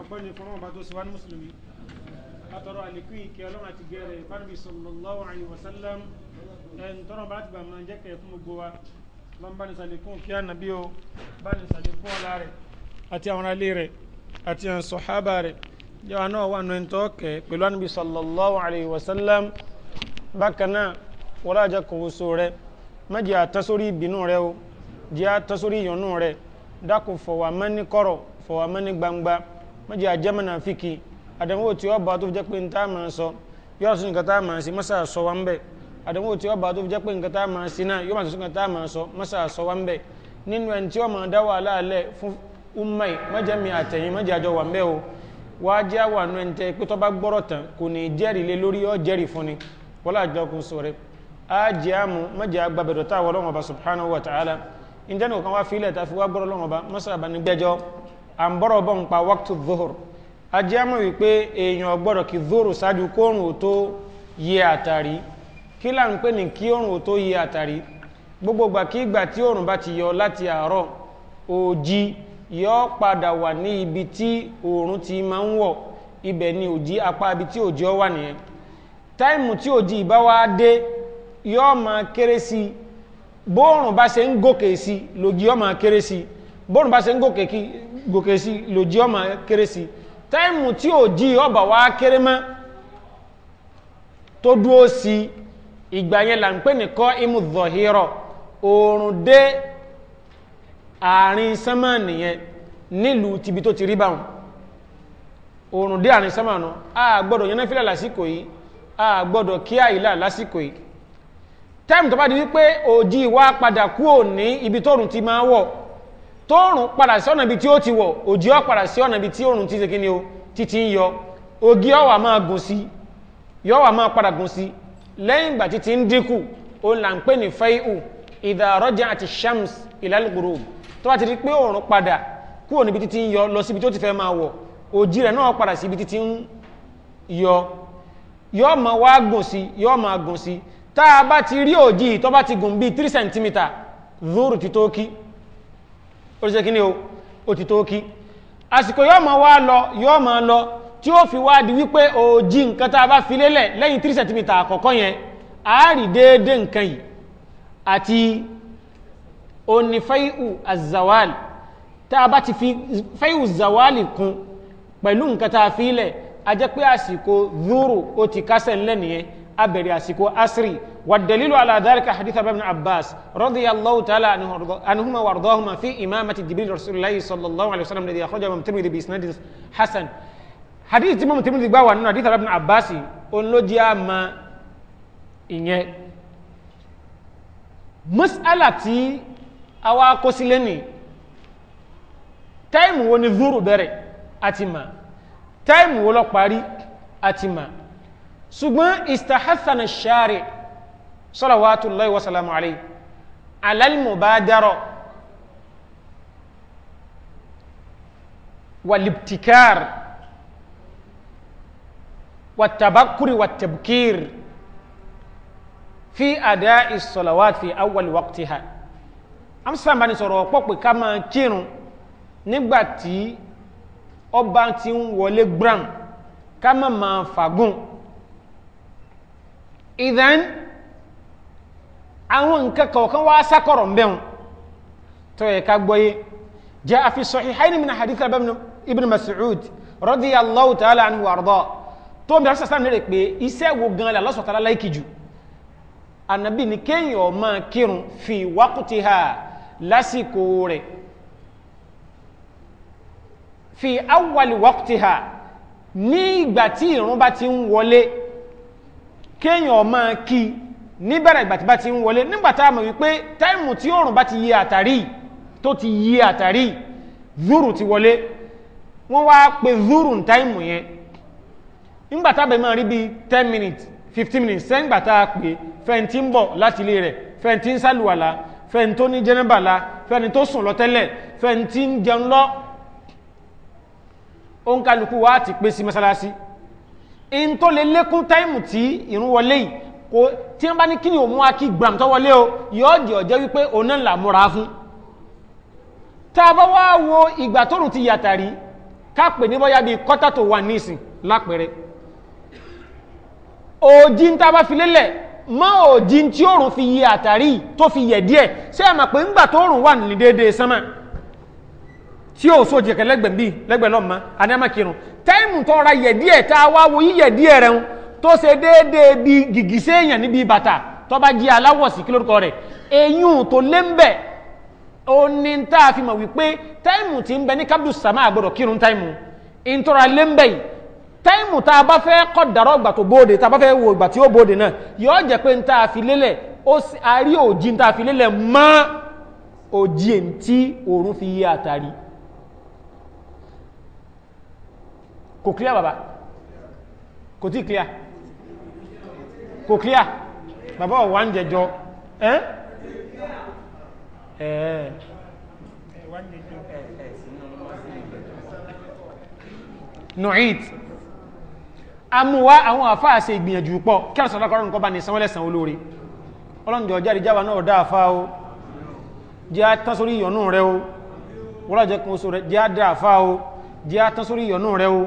ọ̀pọ̀lọpọ̀ ìfọ̀mọ́ ọba tó sì wá ní mùsùlùmí atọrọ àlékún ìkẹ́ ọlọ́run àti gẹ̀rẹ̀ fánbí sallallahu alaihi wasallam ẹn tọrọ bá ti bà máa jẹ́ kẹ̀ fún gbogbo wa lọ́n bá ní sàlékún kí á nàbí o bá ní sàlékún ọ̀la rẹ̀ àti àwọn alé rẹ̀ àti àwọn sọ̀hábà rẹ̀ yàrá náà wà nù ẹ̀ńtọ́ kẹ̀ pẹ̀lú ànàbí sallallahu alaihi bákan náà wọ́n rájà kò wọ́sọ rẹ̀ má jẹ́ àtẹ́sórí ìbínú rẹ̀ o jẹ́ àtọ́sórí ìyọ̀nú rẹ̀ dákun fọ̀wà mọ́ ní kọ̀rọ̀ fọ̀wà mọ́ ní gbangba mọ́jẹ́ àjẹ́mọ̀nà fìkì àdánwò tí ọba tó fi jẹ́ pé nta máa sọ yọ̀rọ̀ sí nǹkan tá a máa sí mọ́sà sọ wá ń bẹ̀ àdánwò tí ọba tó fi jẹ́ pé nǹkan tá a máa sí náà yọ̀rọ̀ sí nǹkan tá a máa sọ mọ́sà sọ wá ń bẹ̀ nínú ẹni tí ó máa dá wàhálà alẹ́ fún umma yìí mi àtẹ̀yìn mọ́jẹ́ àjọ wà ń bẹ̀ o wàá jẹ́ àwọn àánú ẹni tẹ́ pé tó bá gbọ́rọ̀ tán kò ní jẹ́rìí lé lórí ọ́ jẹ́rìí fún ni wọ́n láàjọ kò sọ̀rẹ́ á jẹ́ àmú mọ́jẹ́ agbábẹ̀dọ̀ táwọn ọlọ́run ọba subhanahu wa ta'ala ìjẹ́nu kan wá fílẹ̀ tàfi wá gbọ́rọ̀ lọ́wọ́ bá mọ́sàbà ní gbẹ́jọ́ à ń bọ́rọ̀ bọ́ ń pa wákùtù dhuhr ajé mọ̀ wípé èèyàn gbọ́dọ̀ kí dhuhr ṣáájú kóòrùn ò tó yẹ àtàrí kí là ń pè ní kí òrùn ò tó yẹ àtàrí gbogbo gbà kí ìgbà tí òrùn bá ti yọ láti àárọ̀ òjì yọ padà wà ní ibi tí òrùn ti máa ń wọ̀ ibẹ̀ ni òjì apá ibi tí òjì ọ wà nìyẹn táìmù tí òjì ìbá wa dé yọ máa kéré sí i bóòrùn bá ṣe ń gòkè sí lòjí ọmọ kéré sí bóòrùn bá ṣe ń gòkè sí lòjí ọmọ kéré sí táìmù tí ò jí ọba wá kéré mọ́ tó dúó sí ìgbà yẹn là ń pè ní kọ́ imú zọ̀hírọ̀ oòrùn dé àárín sánmà nìyẹn nílùú tìbí tó ti rí báwọn oòrùn dé àárín sánmà náà a gbọ́dọ̀ yẹn lásìkò yìí a gbọ́dọ̀ kí àìlà lásìkò yìí Time tó bá di wípé òjì wá padà kúrò ní ibi tóòrùn ti máa wọ̀ tóòrùn padà sí ọ̀nà ibi tí ó ti wọ̀ òjì ó padà sí ọ̀nà ibi tí òòrùn ti ṣe kíni o títí ń yọ ògì ó máa gùn sí yó máa padà gùn sí lẹ́yìn ìgbà títí ń dínkù ó là ń pè ní fẹ́ìhù idha raja'at shams ila al-ghurub tó bá ti di pé òòrùn padà kúrò níbi títí ń yọ lọ síbi tó ti fẹ́ máa wọ̀ òjì rẹ̀ náà padà síbi títí ń yọ yó máa wá gùn sí yó máa gùn sí tá a bá ti rí òjì tó bá ti gùn bí 3 cm zúrù ti tó kí ó ṣe kíní ó ti tó kí àsìkò yóò máa wá lọ yóò máa lọ tí ó fi wá di wípé òjì nǹkan tá a bá fi lélẹ̀ lẹ́yìn 3 cm àkọ́kọ́ yẹn a rí déédéé nǹkan yìí àti onífẹ́ìhù azawal tá a bá ti fi fẹ́ìhù zawal kún pẹ̀lú nǹkan tá a fi lẹ̀ a jẹ́ pé àsìkò zúrù ó ti kásẹ̀ ńlẹ̀ nìyẹn abẹ̀rẹ̀ àsìkò asiri wàdàlílù aláàdáríkà hadith ibn abbas radiyallahu ta'ala anuhuma wa ardahuma fi imamati jibril rasulillahi sallallahu alaihi wasallam alladhi akhrajahu tirmidhi bi isnad hasan hadith tí imam tirmidhi gbà wà nínú hadith ibn abbas òun ló jẹ́ àmà ìyẹn mas'ala tí àwa kó sílẹ̀ ni táìmù wo ni zuru bẹ̀rẹ̀ àti mà táìmù wo ló parí àti mà ṣùgbọ́n istahathana shari salawatullahi wa salamu alayhi alalmubadaro walibtikar والتبكر والتبكير fi àdá ìsọ̀làwà fi awwal waqtiha amsamba ni sọ̀rọ̀ ọ̀pọ̀ pé ká máa kírun nígbàtí ọba ti ń wọlé gbram ká má máa fàgùn ìdán àwọn nǹkan kọ̀ọ̀kan wá sákọ̀rọ̀ mbẹ́un tó yẹ ká gbọ́yé jẹ́ àfi sahihayn min hadith ibn mas'ud radiyallahu ta'ala anhu warda tó bí arsasa nílẹ̀ pé iṣẹ́ wo gan la lọ́sọ̀tara láìkì jù ànàbí ni kéèyàn máa kírun fi waqtiha lásìkò rẹ̀ fi awwal waqtiha ní ìgbà tí ìrun bá ti ń wọlé kéèyàn máa kí níbẹ̀rẹ̀ ìgbà tí bá ti ń wọlé nígbà tá a mọ̀ wípé táìmù tí òòrùn bá ti yí àtàrí tó ti yí àtàrí zúrù ti wọlé wọ́n wá pe zúrù ń táìmù yẹn nígbà bẹ̀ máa rí bíi ten minutes fifteen minutes sẹ́yìn gbà tá a pè fẹ́ǹtì ń bọ̀ láti ilé rẹ̀ fẹ́ǹtì ń sálùwàlà fẹ́ni tó ní jẹ́nẹ́bàlá fẹ́ni tó sùn lọ tẹ́lẹ̀ fẹ́ni tí ń jẹun lọ ó ń kálukú wá ti pé sí in tó lè lékún táìmù tí ìrún wọlé yìí kò tí wọ́n bá ní kíni òmú akí gbàm tó wọlé o yóò jẹ́ ọ̀jẹ́ wípé òun náà là múra fún tá a bá wá wo ìgbà tóòrùn ti yàtàrí ká pè ní bóyá bíi kọ́tà tó wà nísìn lápẹẹrẹ òjì ń tá fi lélẹ̀ mọ́ òjì tí òòrùn fi yẹ àtàrí tó fi yẹ díẹ̀ ṣé ẹ mọ̀ pé ńgbà tóòrùn wà ní déédéé sánmà tí yóò so jẹ̀kẹ̀ lẹ́gbẹ̀ẹ́ bíi lẹ́gbẹ̀ẹ́ lọ́mọ ma anáma kírun ra yẹ̀ díẹ̀ tá a wá wo yíyẹ̀ díẹ̀ rẹ̀ ń tó ṣe déédéé bíi gìgísẹ́ èèyàn níbi bàtà tó bá jí aláwọ̀ sí kí lórúkọ rẹ̀ eyín tó lé ń bẹ̀ ó ní tá a fi mọ̀ wípé táìmù tí ń bẹ ní kábíyèsí sàmà àgbọ̀dọ̀ kírun táìmù ìtura lé ń bẹ̀ yìí táìmù tá a bá fẹ́ kọ́ dàrọ́ ìgbà tó òjì ń tá fi lélẹ̀ àtàrí kò clear bàbá kò tí clear kò clear bàbá ọ̀wà ń jẹjọ ẹ́ ẹ́ nùhìt amúwá àwọn àfáà ṣe ìgbìyànjú pọ̀ kí a sọ̀rọ̀ kọrùn kọ́ bá ní sanwọ́lẹ̀sàn olóri ọlọ́njọ́ jáde jáwa náà dáàfá o jẹ́ tán sórí ìyọnú rẹ o wọ́lájẹ́kún sórí jẹ́ dáàfá o jẹ́ tán sórí ìyọnú rẹ o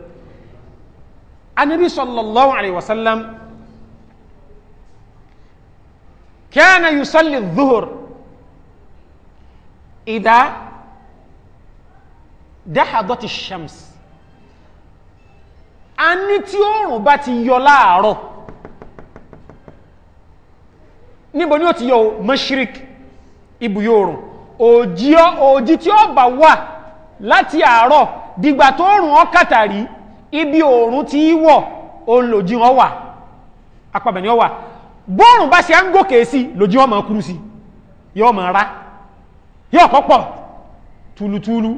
anabi sallallahu alayhi wa sallam kana yusalli dhuhur idha dahadati shams a ní tí oòrùn bá ti yọ láàárọ̀ níbo ni ó ti yọ mashrik ibùyọ oòrùn òjì tí ó bá wà láti àárọ̀ dìgbà tó oòrùn ọkàtàrí ibi òòrùn ti wọ̀ òun lòjì wọn wà apàbẹ̀ ni ó wà bóòrùn bá ṣe ń gòkè sí lòjì wọn máa kúrú sí yóò máa rá yóò kọ́pọ̀ túlútúlú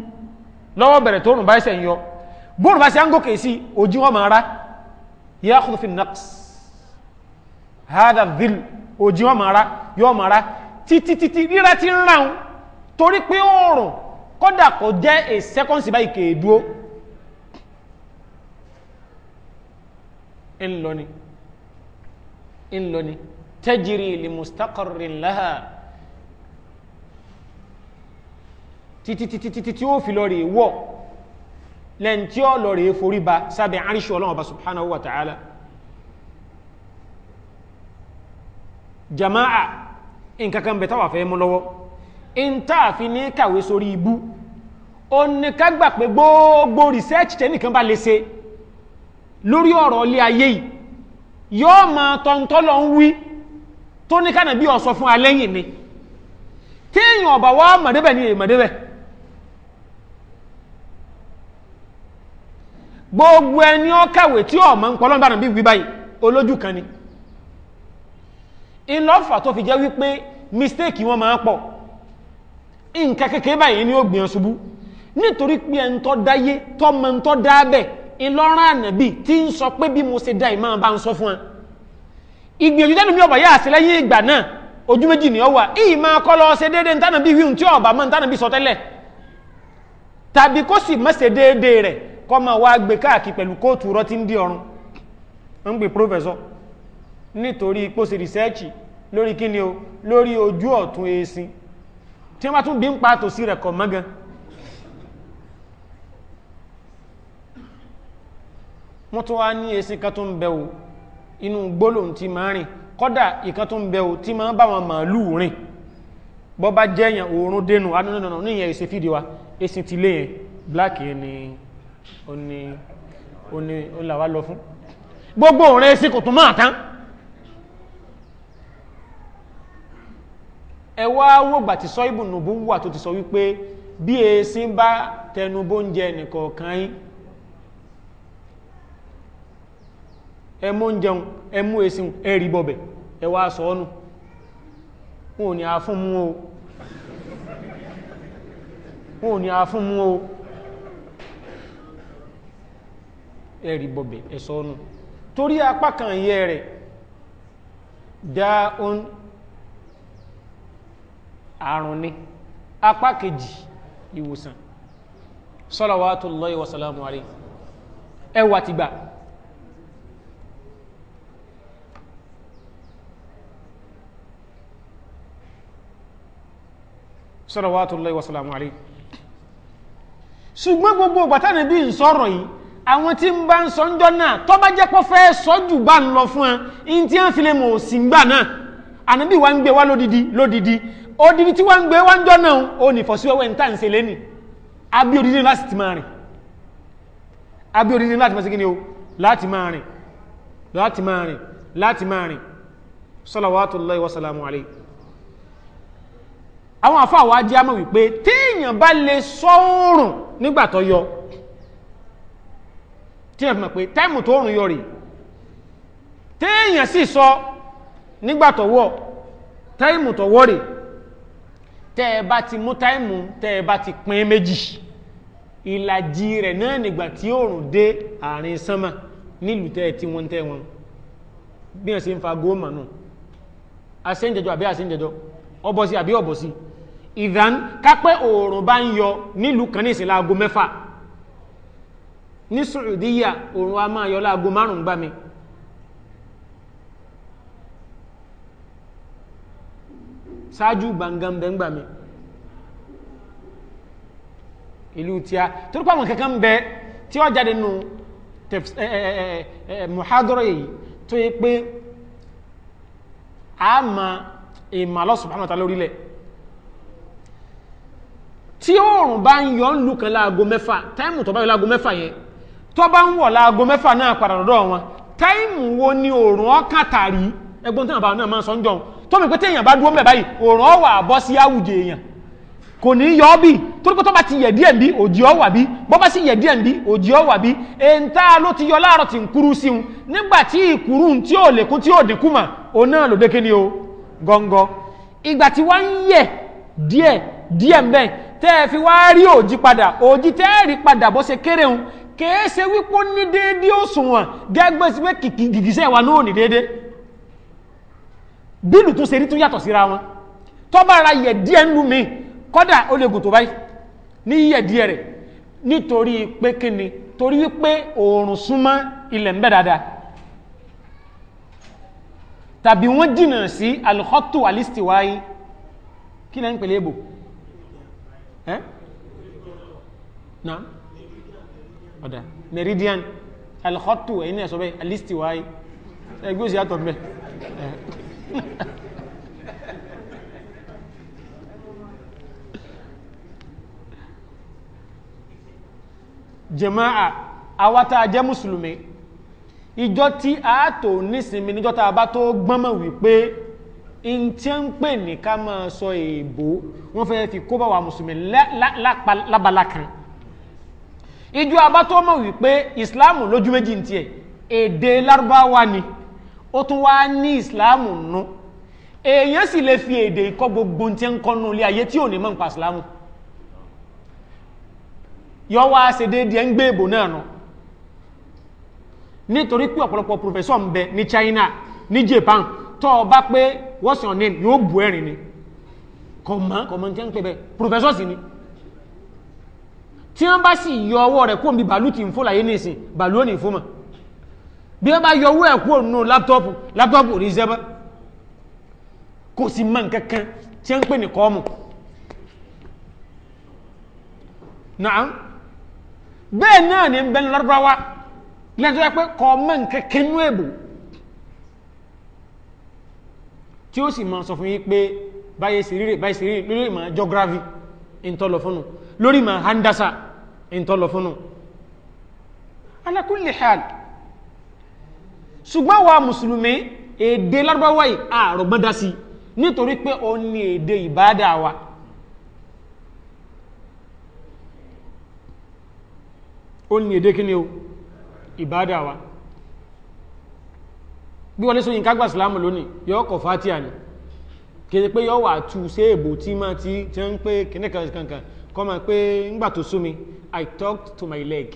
lọ́wọ́ bẹ̀rẹ̀ tóòrùn bá ṣe ń yọ bóòrùn bá ṣe ń gòkè sí òjì wọn máa rá yóò kúrú fi naqs hada dhil wọn máa rá yóò máa rá títí rírá ti ń ráun torí pé òòrùn kódà kò jẹ́ a second sí báyìí kèédúó ńlọni ńlọni tẹ́jìrì lè mustaqarri laha títítítítí tí ó fi lọ rèé wọ̀ lẹ́yìn tí ó lọ rèé forí ba sábẹ́ àríṣù ọlọ́run ọba subhanahu wa ta'ala jama'a nǹkankan bẹ̀ táwà fẹ́ mú lọ́wọ́ in táà fi ní kàwé sórí ibú o ní gbogbo research tẹ́nìkan bá lè lórí ọ̀rọ̀ ilé ayé yìí yóò mọ tọ́ntọ́lọ ń wí tó ní kánà bí ọ̀sọ fún alẹ́yìn mi tí èyàn ọ̀bà wá mọ̀débẹ̀ ní èmọ̀débẹ̀ gbogbo ẹni ọ kàwé tí ọmọ ń pọlọ́n bàrán bí wí olójú kan ni ìlọ́fà tó fi jẹ́ wípé mistake wọn máa pọ̀ nǹkan kékeré báyìí ni ó gbìyànṣubú nítorí pé ẹni tó dáyé tó mọ ń tó dáábẹ̀ ńlọ́rán ànàbì tí ń sọ pé bí mo ṣe dá ìmọ̀ bá ń sọ fún wa ìgbìyànjú tẹ́nu mi ọ̀bà yà sí lẹ́yìn ìgbà náà ojú méjì ni ọ wà ìyí máa kọ́ lọ ṣe déédéé ntánàbí wíhùn tí ọ̀bà mọ́ ntánàbí sọ tẹ́lẹ̀ tàbí kó sì má ṣe déédéé rẹ̀ kọ́ máa wá gbé káàkiri pẹ̀lú kóòtù rọ́ tí ń dí ọrùn ń pè prófẹ́sọ́ nítorí pósì rìsẹ́ẹ̀chì lórí kíni o lórí ojú ọ̀tún èsìn tí wọ́n tún bí ń pa tòsí rẹ̀ kọ̀ mọ́gan wọ́n tún wá ní èsì kan tó ń bẹ o inú gbólóhùn tí máa rìn kọ́dà ìkan tó ń bẹ o tí máa bá wọn màálù rìn bọ́ bá jẹ́ èèyàn òórùn dénú anúnàdànà ah, ní ìyẹn èsì fìdí wa ti lé yẹn black yẹn ni ó ní ó ní ó là wá lọ fún gbogbo òórùn èsì kò tún máa tán ẹ wògbà tí sọ ìbùnú bú wà tó ti sọ wípé bí èsì bá tẹnubó ń nìkọ̀ọ̀kan yín ẹmú ń jẹun ẹmú esin ẹ̀rì bọ̀bẹ̀ ẹwà sọ́ọ́nù wọn ò ní àfún mú o wọn ò ní àfún mú o ẹ̀rì bọ̀bẹ̀ ẹ̀sọ́ọ́nù torí apá kan yẹ rẹ̀ dáún àrùn ni apá kejì ìwòsàn salawatullahi wa salamu alayhi ẹwà ti gbà salawatullahi wa salamu alayhi ṣùgbọ́n gbogbo ìgbàtánà bí n sọ̀rọ̀ yìí àwọn tí ń bá ń sọ ńjọ́ náà tó bá jẹ́ pọ́ fẹ́ sọ jù bá ń lọ fún ẹ in tí ń fi lè mọ̀ sí ń gbà náà ànábì wa ń gbé wá lódìdí lódìdí odidi tí wọ́n ń gbé wá ńjọ́ náà ó ní fọ̀síwẹ́wẹ́ ń tà lẹ́nì abí odidi láti ti máa rìn abí odidi láti máa ṣe láti máa rìn láti máa rìn láti máa rìn salawatullahi wa salamu alayhi àwọn àfáà wa jẹ́ àmọ́ wípé téèyàn bá lè sọ́ọ̀rùn nígbà tó yọ téèyàn fi mọ̀ pé táìmù tó rùn yọ rè téèyàn sì sọ nígbà tó wọ̀ táìmù tó wọ̀ rè tẹ́ ẹ bá ti mú táìmù tẹ́ ẹ bá ti pín méjì ìlàjì rẹ̀ náà nígbà tí òòrùn dé àárín sánmà nílùú tẹ́ tí wọ́n tẹ́ wọn bí ń fa góòmà ọbọ̀sí àbí ọbọ̀sí ìdán kápẹ́ òòrùn bá ń yọ nílùú kan ní ìsìn láago mẹ́fà ní Saudiya òòrùn a máa yọ láago márùn-ún gbá mi ṣáájú gbàngàn bẹ́ẹ̀ ń gbà mí ìlú tíá torí pàwọn kankan bẹ tí ó jáde nù muhadọ́rọ̀ yìí tó yẹ pé a ma ìmàlọ́sùn pàmọ́ta lórílẹ̀ tí oòrùn bá ń yọ ń lù kan láago mẹ́fà táìmù tó bá yọ láago mẹ́fà yẹn tó bá ń wọ̀ láago mẹ́fà náà padà dọ̀dọ̀ wọn táìmù wo ni oòrùn ọkàn tàrí ẹgbọ́n tí àwọn náà máa ń sọ ń jọun tó mi pé téèyàn bá dúró mẹ́ báyìí oòrùn ọwà bọ́ sí àwùjẹ èèyàn kò ní yọ ọ́ bì torí pé tó bá ti yẹ̀ díẹ̀ bí òjì ọwà bí bọ́ bá sì yẹ̀ díẹ̀ bí òjì ọwà bí èntà ló ti yọ láàárọ̀ tí ń kúrú sí un nígbà tí ìkúrú tí ò lékún tí ò dínkù mà òun náà ló dékè ní o gọ́ngọ́ ìgbà tí wọ́n ń yẹ̀ díẹ̀ díẹ̀ mbẹ́ tẹ́ ẹ fi wá rí òjì padà òjì tẹ́ ẹ rí padà bó ṣe kéré hun kèé ṣe wípé ní déédé òṣùwọ̀n gẹ́gbẹ́ sí pé gìgìsẹ́ wa náà ní déédé bílù tún ṣe rí tún yàtọ̀ síra wọn tó bá ra yẹ̀ díẹ̀ nú mi kọ́dà ó lè gùn tó báyìí ní yíyẹ̀ díẹ̀ rẹ̀ nítorí pé kíni torí wípé oòrùn súnmọ́ ilẹ̀ ń bẹ dáadáa tàbí wọ́n jìnnà sí alhọ́tù alistiwaayi kí lẹ́ ń pèlè èbò ẹ́ na ọ̀dà meridian alhotu ẹ̀yìn ẹ̀sọ́ bẹ́ alisti wáyé ẹgbẹ́ òsì àtọ̀ mẹ́ jẹmáà awátá jẹ́ mùsùlùmí ìjọ tí a to nísinmi níjọ́ tá a bá tó wípé in tí ń pè ní ká máa sọ èèbó wọ́n fẹ́ fi kó bá wa mùsùlùmí lábala kan ìjọ abátọ́ mọ̀ wípé ìsìláàmù lójú méjì ti ẹ̀ èdè lárúbáwá ni ó tún wá ní ìsìláàmù nù èèyàn sì lè fi èdè ikọ́ gbogbo tí ń kọ́nú ilé ayé tí ò ní mọ̀ nípa ìsìláàmù yọ wá ṣe déédéé ń gbé èbò náà nù nítorí pé ọ̀pọ̀lọpọ̀ pòfẹ́sọ̀ ń bẹ ní China ní Japan tọ́ ọ bá pé what's your name yóò bu ẹ̀rìn ni kọ̀mọ́ kọ̀mọ́ tí wọ́n ń pè bẹ́ẹ̀ professor sì ni tí wọ́n bá sì yọ ọwọ́ rẹ̀ kó mi bàálù tì ń fò láyé ní ìsìn bàálù ò ní fún mọ̀ bí wọ́n bá yọ owó ẹ̀ kúrò nínú láptọ́pù láptọ́pù ò ní sẹ́bẹ́ kò sí mọ̀ nǹkan kan tí wọ́n ń pè ní kọ́ọ̀mù naam bẹ́ẹ̀ náà ni ń bẹ́ni lọ́dọ́wá lẹ́tọ́ pé kọ́ọ̀mù nǹkan kan nú èbò tí ó sì máa sọ fún yín pé báyé sí rírè báyé sí rírè lórí ma geography ìntọ́lọ̀ fúnnu lórí ìmọ̀ handasa ìntọ́lọ̀ fúnnu ala kulli hal ṣùgbọ́n wa mùsùlùmí èdè lárúbáwá yìí àrògbọ́n dá sí nítorí pé ó ní èdè ìbáadà wa ó ní èdè kí ni o ìbáadà wa bí wọlé sóyìn kágbà sílámù lónìí yọ kọ fatia ni kìí pé yọ wà tu séèbò tí máa ti ti ń pé kìnnìkan kọ́ máa pé ńgbà tó sú i talked to my leg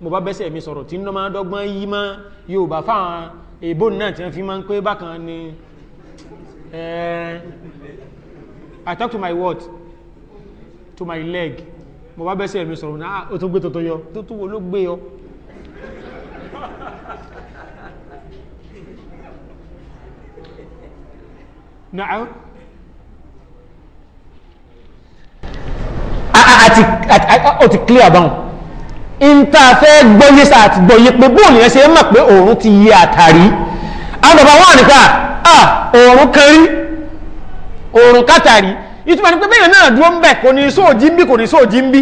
mo bá bẹ́sẹ̀ mi sọ̀rọ̀ tí ń dọ́gbọ́n yí má yorùbá fáwọn èbó náà tí wọ́n fi máa ń pé bákan ni i talked to my what to my leg mo bá bẹ́sẹ̀ mi sọ̀rọ̀ náà ah, ó tó gbé tó yọ tó tó wo ló gbé yọ na'am àti ó ti clear báwọn ìntà fẹ́ gbọ́yé àti gbọ́yé pé bóòlù yẹn ṣe mọ̀ pé òòrùn ti yí àtàrí àbàbà wọ́n nípa à òòrùn kan rí òòrùn kátàrí ìtumọ̀ ní pé bẹ́ẹ̀ náà dúró ń bẹ̀ kò ní sóòjì ń bí kò ní sóòjì ń bí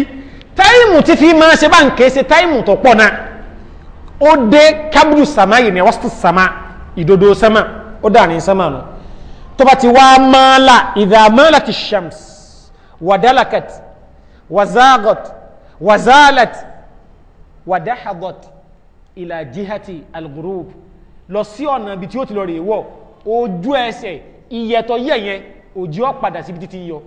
táìmù tí fi máa ṣe bá ń kése táìmù tó pọ̀ náà ó dé kábùdù sàmá yìí ní wọ́n sàmá ìdodo sàmá ó dà ní sàmá náà tó bá ti wá mọ́ọ́lá idha malat ash-shams wàdálákàt wàzágọt wàzálàt wàdáhàgọt ìlà jihati al-ghurub lọ sí ọ̀nà ibi tí ó ti lọ rè wọ̀ ojú ẹsẹ̀ ìyẹ̀tọ̀ yẹ̀yẹn òjì ọ̀ padà síbi títí yọ.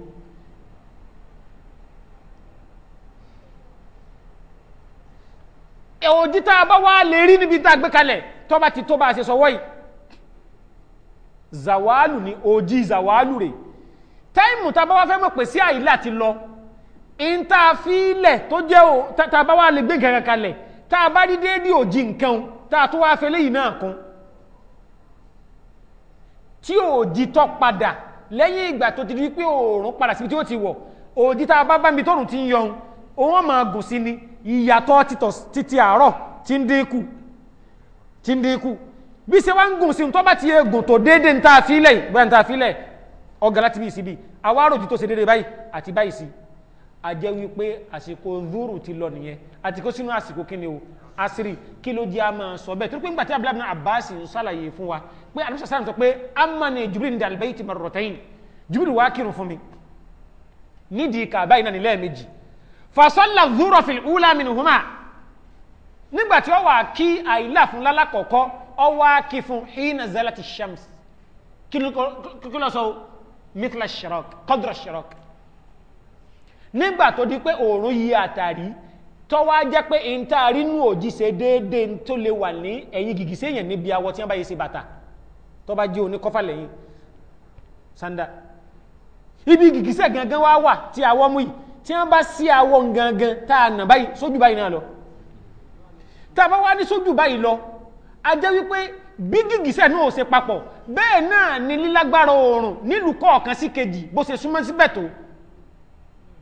ojú tá a bá wá lè rí níbi tá a gbé kalẹ̀ tó bá ti tó bá a ṣe sọ wọ́yìí zawalu ni ojí zawalu rẹ̀ táìmù tàbá wá fẹ́ mọ̀ pé sí àyílà ti lọ in ta fi ilẹ̀ tó jẹ́ o tàbá wá lè gbé gẹ̀rẹ̀ kalẹ̀ tá bá rí déédé òjì nǹkan tá tó wá fẹ́lẹ́ yìí náà kún tí òjì tọ́ padà lẹ́yìn ìgbà tó ti di pé òòrùn padà síbi tí ó ti wọ̀ òjì tá bá bá mi tóòrùn ti ń yọun òun máa gùn ni ìyàtọ̀ títí àárọ̀ ti ń dínkù bí ṣe wá ń gùn sí ń tọ́ba ti yé gùn tó déédéé ń ta àfilẹ̀ yìí bóyá ń ta àfilẹ̀ ọ̀gá láti bíi síbi àwa ròjì tó ṣe déédéé báyìí àti báyìí sí a wípé àsìkò zúrù ti lọ nìyẹn àti kó sínú àsìkò kíni o asiri kí ló jẹ́ a máa sọ bẹ́ẹ̀ torí pé ńgbà tí abdullahi bin abbas ń ṣàlàyé fún wa pé àlùsà sáà sọ pé amani jubril ní dalibayi ti marratayn jubril wàá kírun fún mi nídìí kàbá iná nílẹ̀ méjì fasọ́lá zúrọ̀ fil nígbà tí ó wà kí àìlà fún lálàkọ̀ọ́kọ́ ọwọ́ akífún hìnà zalati shams kí ló sọ mitla shirok kọdra shirok nígbà tó di pé òòrùn yí àtàrí tọ́wọ́ jẹ́ pé ìntaàrí nù òjíṣẹ́ déédéé tó lè wà ní ẹ̀yìn gìgísẹ́ èèyàn níbi awọ tí wọ́n bá yẹ sí bàtà tó bá jẹ́ òní kọ́fà lẹ́yìn sanda ibi gìgísẹ́ gangan wá wà tí awọ mú yìí tí wọ́n bá sí awọ gangan tá a nà báyìí sójú báyìí náà lọ tá a bá wá ní sójú báyìí lọ a jẹ́ wípé bí gìgísẹ̀ náà ò ṣe papọ̀ bẹ́ẹ̀ náà ni lílágbára oòrùn nílùú kọ̀ọ̀kan sí kejì bó ṣe súnmọ́ síbẹ̀ tó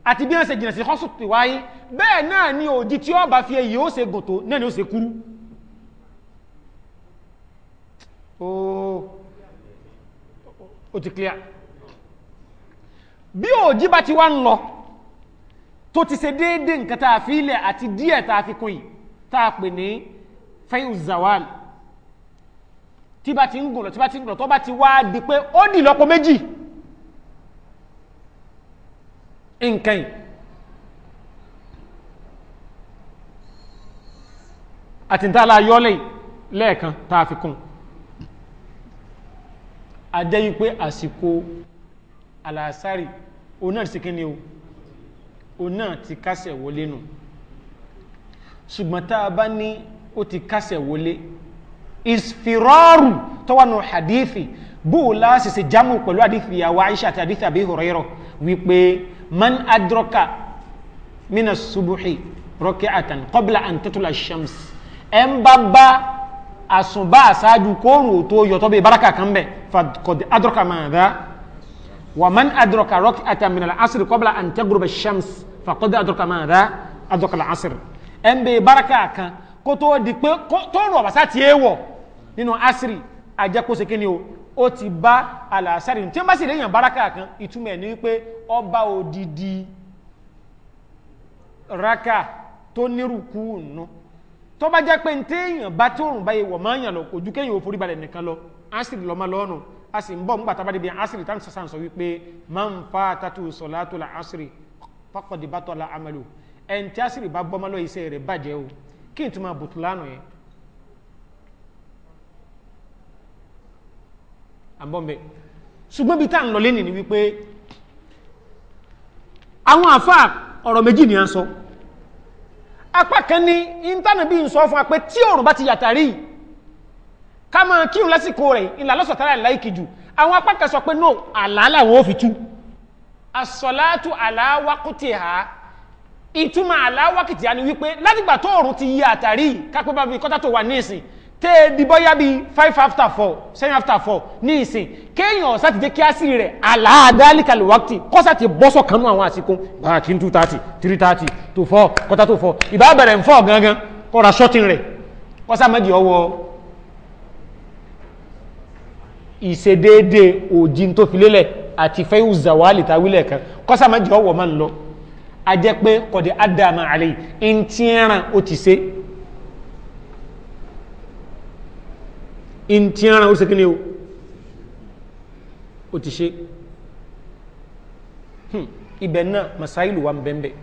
àti bí wọ́n ṣe jìnà sí hosù ti wáyé bẹ́ẹ̀ náà ni òjì tí ó bá fi èyí ó ṣe gùn náà ni ó ṣe kúrú ó ti clear bí òjì bá ti wá ń lọ tó ti ṣe déédé nǹkan tá a fi ilẹ̀ àti díẹ̀ tá a fi kún yìí tá a pè ní fayu zawal tí bá ti ń gùn lọ tí bá ti ń gùn lọ tó bá ti wá di pé ó dì lọ́pọ̀ méjì nǹkan yìí àti ntàlá yọ́lẹ̀ lẹ́ẹ̀kan tá a fi kún a pé àsìkò àlàásárì òun náà sì kíni o òun náà ti kásẹ̀ wọlé nù ṣùgbọ́n tá bá ní ó ti kásẹ̀ wọlé isfiraru tó wà nù hadithi bóòlá sì ṣe jámù pẹ̀lú hadithi ìyàwó aisha àti hadithi àbí hurairah wípé man adraka mina subuhi rọ́kẹ́àtàn qabla an tatula shams ẹ̀ ń bá bá àsùnbá àsáájú kóòrùn tó yọ̀tọ́ bí baraka kan bẹ̀ fàkọ̀dì adraka máa dá wa man adraka rak'atan min al-asr qabla an shams fàkọ̀dì adraka máa dá adraka al-asr ẹ̀ bẹ baraka kan kó tó di pé tóòrùn ọ̀bàṣá ti é wọ̀ nínú asiri ajẹ́kóse kí ni o ó ti bá àlàásárì tí ó bá sì léyàn báraka kan ìtumẹ̀ ní wípé ọba òdìdí raka tó nírùkú nù tó bá jẹ́ pé ń téèyàn bá tí òrùn báyìí wọ̀ máa yàn lọ ojú kéyìn ò forí balẹ̀ nìkan lọ asiri lọ́mọ lọ́nù a sì ń bọ̀ nígbà tábàdé bí asiri táwọn sọ̀sán sọ wípé máa ń fa tatu sọ̀lá tó la asiri faqad batala amalu ẹ̀ǹtí asiri bá bọ́mọ́lọ́ iṣẹ́ rẹ̀ bàjẹ́ o kí n tún máa bùtù lánàá yẹn àbọ̀m̀bẹ̀ ṣùgbọ́n bí tá ń lọ lẹ́nì ni wípé àwọn àfáà ọ̀rọ̀ méjì ni a ń sọ apá kan ní intanẹ̀bí ń sọ fún apẹ́ tí òrùn bá ti yàtàrí ká máa kírun lásìkò rẹ̀ ìlà lọ́sọ̀tàrà láìkì jù àwọn apá kan sọ pé no àlàálà wọn ò fi tú asọ̀látù àláwákùtì ha ìtumọ̀ àláwákìtì ha ni wípé látìgbà tó òrùn ti yàtàrí kápẹ́ bá fi kọ́tà tó wà ní ìsìn tẹ́ di bọ́yá bí five after four seven after four ní ìsìn kéèyàn ọ̀sá ti jẹ́ kí á sí rẹ̀ aláàdáríkàlì wákìtì kọ́sà ti bọ́sọ̀ kanú àwọn àsìkò bára kí n two thirty three thirty to four quarter to four ìbá bẹ̀rẹ̀ ń fọ́ gangan kọ́ra ṣọ́tìn rẹ̀ kọ́sà méjì ọwọ́ ìṣedéédé òjì tó fi lélẹ̀ àti fẹ́yù zawali tawilẹ̀ kan kọ́sà méjì ọwọ́ máa ń lọ a jẹ́ pé kọ̀dẹ̀ ádámà in tí ara ó ṣe kí ni o ti ṣe hmm, ibẹ̀ náà masáìlù wa mbembe bẹ́ẹ̀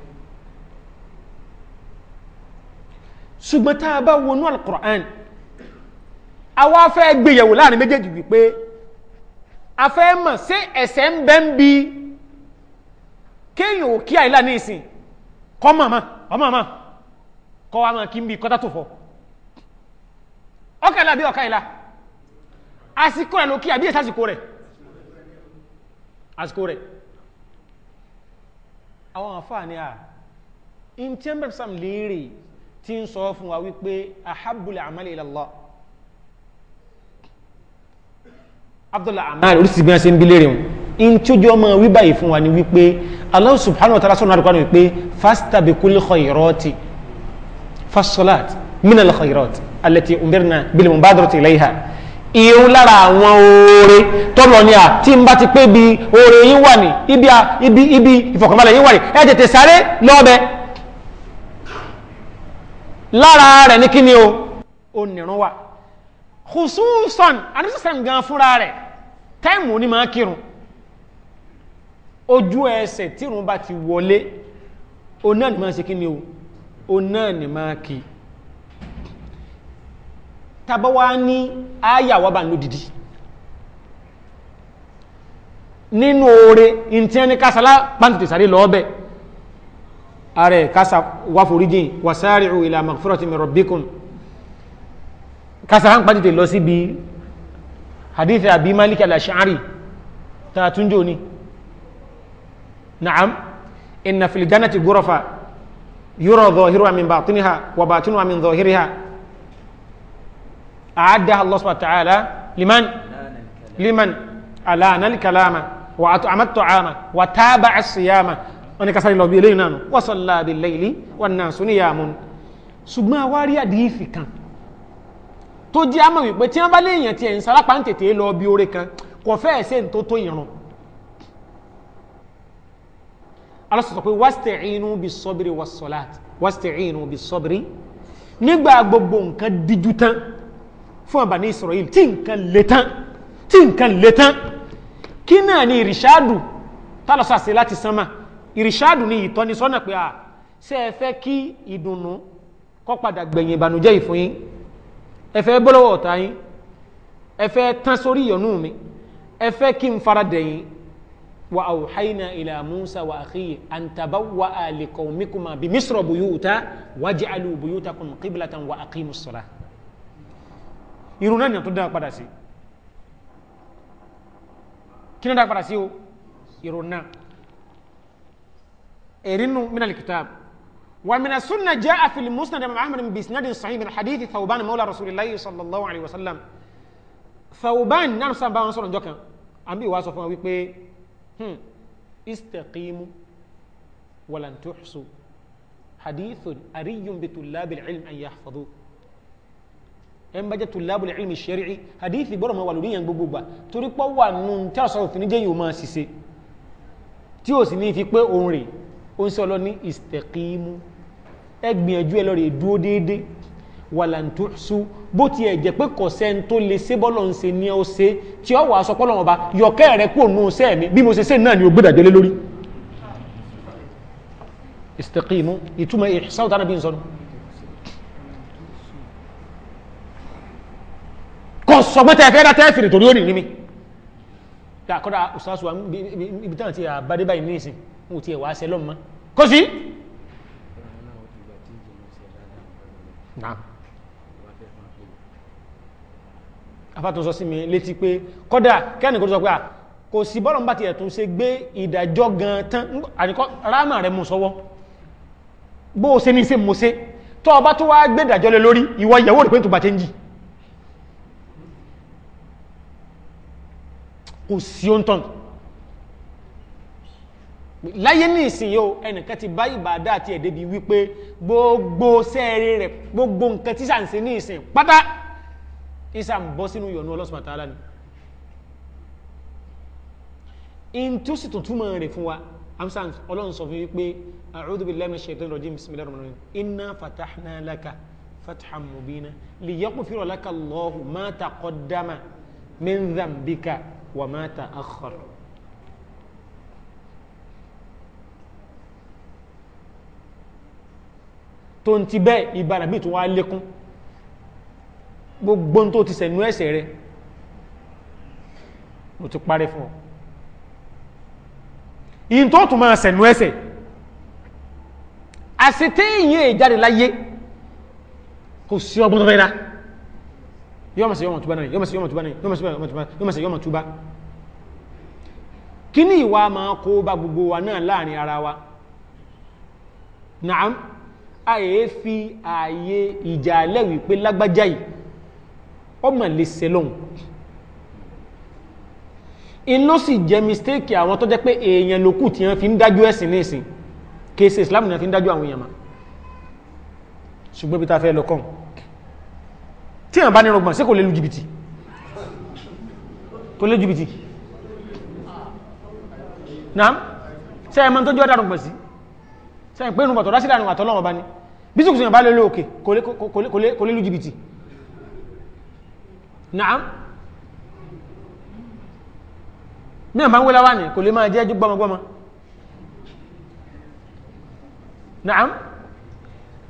ṣùgbọ́n tá a bá wọnú alukur'an àwa fẹ́ gbéyàwó láàrin méjèèjì wípé a fẹ́ mọ̀ sí ẹ̀sẹ̀ ń bẹ́ ń bi kéèyàn ò kí àìlà ní ìsìn kọ́ màmá ọmọọmọ kọ́ wa máa kí ń bi kọ́tà tó fọ́ ọkàlà bí ọkàìlà àsìkò rẹ̀ ló kí àbí ìsásìkò rẹ̀ àsìkò rẹ̀ àwọn àfáà ni à in tí ń bẹ̀rẹ̀ sàm léèrè tí ń sọ fún wa wípé ahabbul a'mali ila Allah abdullahi amali orísìí bí wọ́n ṣe ń bí léèrè wọn in tí ó jọ mọ́ wí báyìí fún wa ni wípé Allah ìhun lára àwọn oore tọ́lọ ni à tí n bá ti pé bi oore yín wà ní ibi ibi ibi ìfọ̀kànbalẹ̀ yín wà ní ẹ tètè sáré lọ́ọ̀bẹ lára rẹ̀ ní kíni o ò nìrún wa khususan anisisam gan fúnra rẹ̀ táìmù ní máa kírun ojú ẹsẹ̀ tírun bá ti wọlé o náà ni máa ṣe kíni o o náà ni máa kí i tàbá wá ní ayàwà bá ló dìdí nínú oore ìntí ẹni kásálá pàǹtì sáré lọ́ọ́bẹ̀ ààrẹ kásá wà foríjìn wasari'u ila maghfirati min rabbikum kásá ń pàtìtì lọ síbi hadith àbí malik al-ash'ari tààtúnjò ni na'am inna fil jannati ghurafa yura dhahiruha min batiniha wa batinuha min dhahiriha أعدها الله سبحانه وتعالى لمن لمن ألان الكلام وأطعم الطعام وتابع الصيام أنا كسر الله بليل نانو وصلى بالليل والناس نيام ṣùgbọ́n a wá rí àdíyìfì kan tó jẹ́ àmọ́ wípé tí wọ́n bá léèyàn tí ẹ̀yìn sálápá ń tètè lọ bí oore kan kò fẹ́ẹ̀ ṣe ń tó tó ìrun alọ́sọ̀tọ̀ pé wasta'inu bis-sabri was-salat wasta'inu bis-sabri nígbà gbogbo nǹkan díjú tán fún àbáni Israel tí nǹkan lè tán tí nǹkan lè tán kí náà ni ìrìṣàdù tálọ́sàsì láti sánmà ìrìṣàdù ni ìtọ́nisọ́nà pé à ṣe ẹ fẹ́ kí ìdùnnú kọ́ padà gbẹ̀yìn ìbànújẹ́ ìfún yín ẹ fẹ́ bọ́lọ́wọ́ ọ̀tá yín ẹ fẹ́ tán sórí ìyọ̀nú mi ẹ fẹ́ kí n fara dẹ̀yìn wa awuhaina ila musa wa akhiyi an tabawwa li qaumikuma bi misra buyuta waj'alu buyutakum qiblatan wa aqimus salah irun náà tó dá padà sí kí ní dá padà sí o irun náà erinu min alkitab wa min as-sunnah jaa fi al-musnad imam ahmad bi isnad sahih min hadith thawban mawla rasulillah sallallahu alaihi wasallam thawban nan san ba won sọ̀rọ̀ njokan an bi wa sọ fún wí pé hmm istaqimu wa lan hadithun ariyun bi tullab al-ilm an yahfadhu ẹnbàjẹ́ tó lábùlì ilmi ṣẹ́rí hadithi bọ́rọ̀ máa wà lórí yẹn gbogbo gbà torí pọ́ wà nù tí a sọ̀rọ̀ fìní jẹ́yìn o máa ṣiṣẹ́ tí ó sì ní fi pé òun rè ó ń sọ lọ ní istaqimu ẹ gbìyànjú ẹ lọ rè dúó déédé walan tuhsu bó ti ẹ̀ jẹ́ pé kọ̀sẹ́ ń tó lè ṣe bọ́lọ̀ ń ṣe ní ọ ṣe tí ọ wà sọ pọ́lọ̀ ọba yọ̀kẹ́ rẹ kò nù ṣẹ́ mi bí mo ṣe ṣe náà ni ó gbẹ́dàjẹ́ lé lórí istaqimu ìtumọ̀ ìṣàwùtánà bí ń sọnù kọ sọgbọ́n tẹ́ fẹ́ dá tẹ́ fìrì torí ó nì ní mi kọ́dà òṣàṣùwà ibi táwọn ti àbádé báyìí ní ìsìn mo ti ẹ̀wà aṣẹ lọ́mọ kò sí. afátúnsọ sí mi létí pé kọ́dà kẹ́ni kò sọ pé kò sí bọ́lọ̀ ń bá ti ẹ̀tún ṣe gbé ìdájọ́ gan tán àdìkọ́ ráàmà rẹ̀ mú sọ́wọ́ bó o ní ṣe mo ṣe tọ́ ọba tó wá gbé ìdájọ́ lórí ìwọ ìyàwó rẹ̀ pé tó kò sí ó ń tán láyé ní ìsìn yóò ẹnìkan ti bá ìbàdá àti ẹ̀dẹ́ bí wípé gbogbo sẹ́ẹ̀rẹ́ rẹ̀ gbogbo nǹkan tí sàǹsẹ̀ ní ìsìn pátá ìsà ń bọ́ sínú yọ̀nú ọlọ́sùn àtàlá ni in tó sì tuntun mọ̀ rẹ̀ fún wa amsan ọlọ́run sọ fún wípé a'udhu billahi minash shaitanir rajim bismillahir wà má ta akhar tó ń ti bẹ́ẹ̀ ìbára bí tó wá lékún gbogbo tó ti sẹ̀nú ẹ̀sẹ̀ rẹ mo ti parí fún ọ yìí tó tún máa sẹ̀nú ẹ̀sẹ̀ àṣetẹ́yìn ìjáde láyé kò sí ọgbọ́n tó fẹ́ dáa yóò máa ṣe yóò máa túbá náà yóò máa ṣe yóò máa túbá náà yóò máa ṣe yóò máa túbá yóò máa ṣe yóò máa túbá kí ni ìwà máa kó bá gbogbo wa náà láàrin ara wa naam àyè fi ààyè ìjà alẹ́ wípé lágbájá yìí ọmọ lè ṣe lóhun sì jẹ́ mistake àwọn tó jẹ́ pé èèyàn lókù tí wọ́n fi ń dájú ẹ̀sìn ní ìsìn kèsì Islam náà fi ń dájú àwọn èèyàn ma ṣùgbọ́n bí fẹ́ lọ tí wọ́n bá ní rọgbọ̀n sí kò lè lu jìbìtì kò lè jìbìtì náà ṣe ẹ̀mọ́ tó jọ́ dárùn gbọ̀n sí ṣe ìpé inú bàtọ̀ dásílẹ̀ àrùn àtọ́lọ́wọ́ bá ní bí sùkùsù yẹn bá lè lóòkè kò lè lu jìbìtì náà bí wọ́n bá ń wé láwá ní kò lè máa jẹ́ gbọ́mọgbọ́mọ náà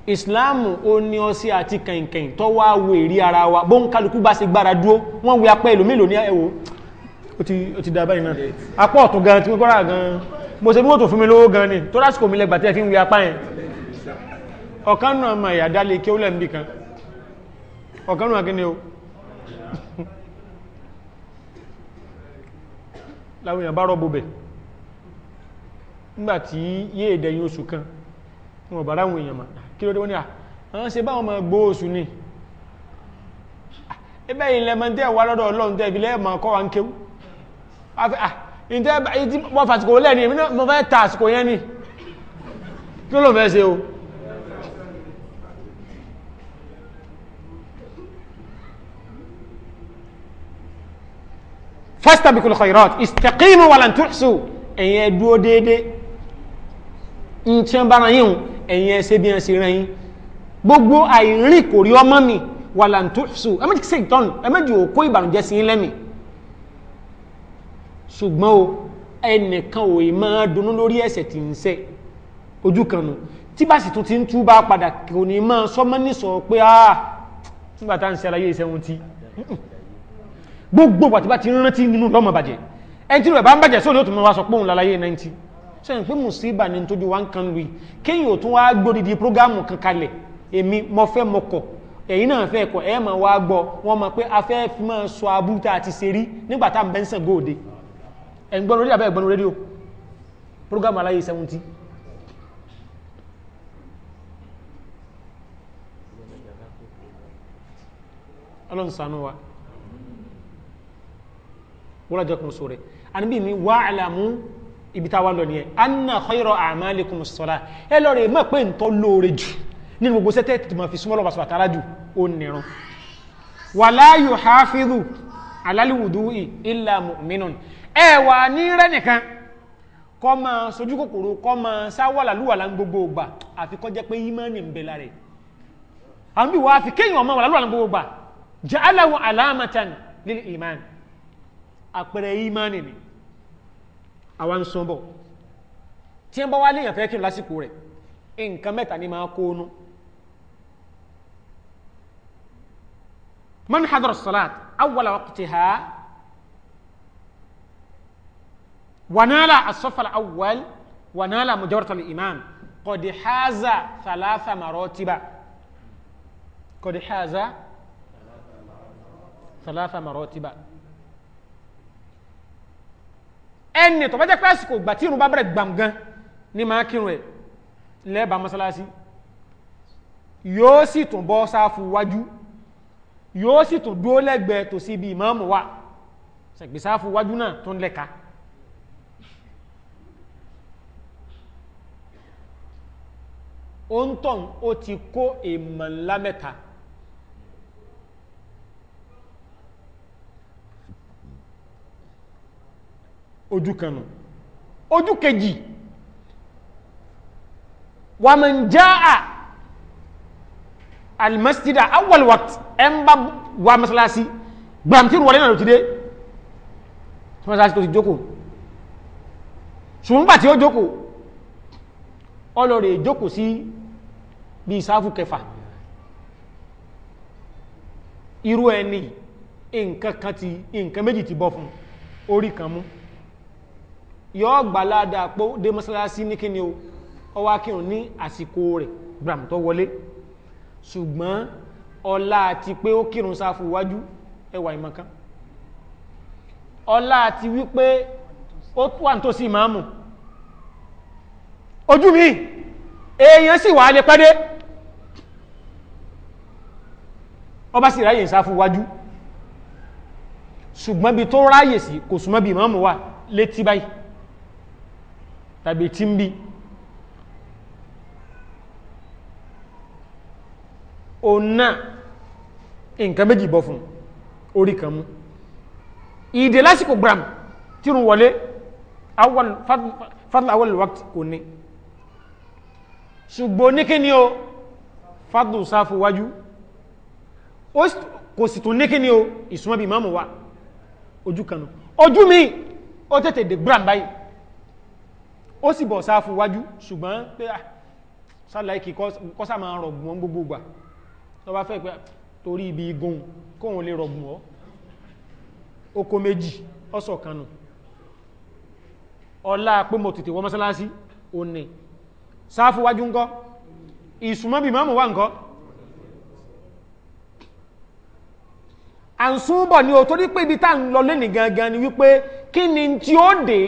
Islamu ó ní ọsí àti kẹ̀kẹ̀yìn tó wá wo èrí ara wa bó ń kálukú bá sì gbára dúró wọ́n wí apá ẹlòmílò ní ẹ̀wò ó ti dábáyìí náà apá ọ̀tún gan tí mo kọ́ra gan mo ṣe bí wọ́n tó fún mi lówó gan ni tó lásìkò mi lẹ́gbàtẹ́ fi ń wí apá yẹn ọ̀kan náà mà ìyàdá lè kí ó lẹ́ níbì kan ọ̀kan náà kí o láwọn èèyàn bá rọ́bù bẹ̀ nígbàtí yéèdẹ̀yìn oṣù kan wọn bá ráwọn èèyàn máa kí ló dé wọ́n ní à wọ́n ṣe báwọn máa gbó oṣù ni ebe ilẹ̀ mọ̀ tẹ́ wà lọ́dọ̀ ọlọ́run tẹ́ ìbílẹ̀ mọ̀ kọ́ wa ń kéwú wọ́n fàtìkò lẹ́ni èmi náà mọ̀ fẹ́ ta àsìkò yẹn ni kí ló ẹ̀yẹ dúó déédéé ń tí wọ́n bára yíhun ẹ̀yin ẹsẹ́ bí wọ́n ṣe rán yín gbogbo àìrìn kò rí ọmọ mi wà làǹtòṣù ẹ méjì ìtọ́nù ẹ méjì ìbànújẹ́ sí yín ṣùgbọ́n o ẹnìkan ò máa dunú lórí ẹ̀ṣẹ̀ tí ń ṣe ojú kan nù tí bá sì tún ti ń tú bá padà kò ní máa sọmọ́ nìsọ pé ah nígbà tá à ń ṣe alayé ìṣẹ́wọ̀n ti gbogbo pàtí bá ti rántí nínú lọ́mọ bàjẹ́ ẹni tí rẹ̀ bá ń bàjẹ́ sóòlù ó tún máa wá sọ pé òun lálàyé 90 sẹ́yìn pé mùsíbà ní tójú wá ń kan lùi kéyìn ò tún wá gbódìdí prógámù kan kalẹ̀ èmi mo fẹ́ mo kọ̀ ẹ̀yin náà fẹ́ kọ̀ ẹ̀ máa wá gbọ́ wọ́n mọ̀ pé afẹ́ fi máa sọ abúta àti ṣerí nígbà tá à ń bẹ́ ń sàn góòde ẹ̀gbọ́n rédíò abẹ́ ẹ̀gbọ́n rédíò prógámù aláyé 70 ọlọ́run ṣàánú wa wọ́n lájọ́ kan sọ rẹ̀ àníbí ni wàhálà mú ibi táwa lọ nìyẹn anna khayra a'malikum as-salah ẹ lọ rẹ mọ̀ pé ń tọ́ lóore jù nínú gbogbo sẹ́tẹ̀ tí mo fi súnmọ́ lọ́ba sọ̀rọ̀ àtàrà jù ó nìran wala yuhafizu ala al-wudu'i illa mu'minun ẹ wà ní rẹ́ nìkan kọ́ máa sojú kòkòrò kọ́ máa sáwàlà lúwàlà gbogbo ògbà àfi kọ́ pé ìmánì ń bẹ lára àwọn bí wàá fi kéèyàn ọmọ wàlà lúwàlà gbogbo ògbà ja'alahu alamatan lil iman àpẹẹrẹ ìmánì ni àwọn ń sunbọ̀ tí ń bọ́ wá léèyàn fẹ́ kí sọ́bọ̀ ti n bá wa léyàn fe nǹkan mẹ́ta ni máa kóónú man hadar salat awwala waqtiha wanala asofal awwal wanala mujawaratal imam qad haza thalatha marotiba qad haza thalatha marotiba. ẹni tó bá jẹ́ pé àsìkò ìgbà tí irun bá bẹ̀rẹ̀ gbàngán ní máa kírun ẹ̀ lẹ́ẹ̀bà mọ́sálásí yóò sì tún bọ́ sáfù wájú yóò sì tún dúó lẹ́gbẹ̀ẹ́ tòsí ibi ìmáàmù wa sẹ̀gbẹ̀ sáfù wájú náà tó ń lẹ́ka ó ń tàn ó ti kó èèmọ̀ ńlá mẹ́ta ojú kanù ojú kejì wà mọ̀ ń já à almasjida awwal waqt ẹn bá wà masalasi gbàmtíru wọlé náà ló ti dé tí masalasi tó ti jókòó ṣùgbọ́n tí ó jókòó ọlọ́rẹ̀ jókòó sí bí sáfù kẹfà irú ẹni nǹkan méjì ti bọ́ fún orí kan mú yọ́ gbàládà pọ́ dé mọ́sálásí ní kíni o ọwá kírun ní àsìkò rẹ̀ gbàmtọ́ wọlé ṣùgbọ́n ọlá àti pé ó kírun sáfù wájú ẹwà ìmọ̀kan ọlá àti wípé ó wà tó sí ìmáàmù ojú mi èèyàn sì wà lè pẹ́dé ọba sì ráyè sáfù wájú ṣùgbọ́n bí tó ráyè sí kò súnmọ́ bí ìmáàmù wà létí báyìí tabitin bi ọ̀nà nǹkan méjì bọ́ fún orí kan mú ìdè lásìkò gram tí rùn wọlé fadl awal waqt kò ní ṣùgbọ́n ní kí ni o fadl sáfù wájú kò sì tún ní kí ni o ìsúnmọ́bí imamu wa ojú kanu ojú mi ó tètè dè gram báyìí ó sì bọ̀ sáfù wájú ṣùgbọ́n pé ah, sáláìkì kọ́sà máa rọ̀gùn wọn gbogbo gbà tó bá fẹ́ pé ah, torí ibi igun kóhun lè rọ̀gùn ọ́ oko méjì ọ̀sọ̀ kanù ọlá pé mo tètè wọ mọ́sálásí ò ní sáfù wájú ńkọ́ ìsúnmọ́bì máàmù wà ńkọ́ à ń súnbọ̀ ní o torí pé ibi tá ń lọ lẹ́nì gangan ni wípé kí ni tí ó dé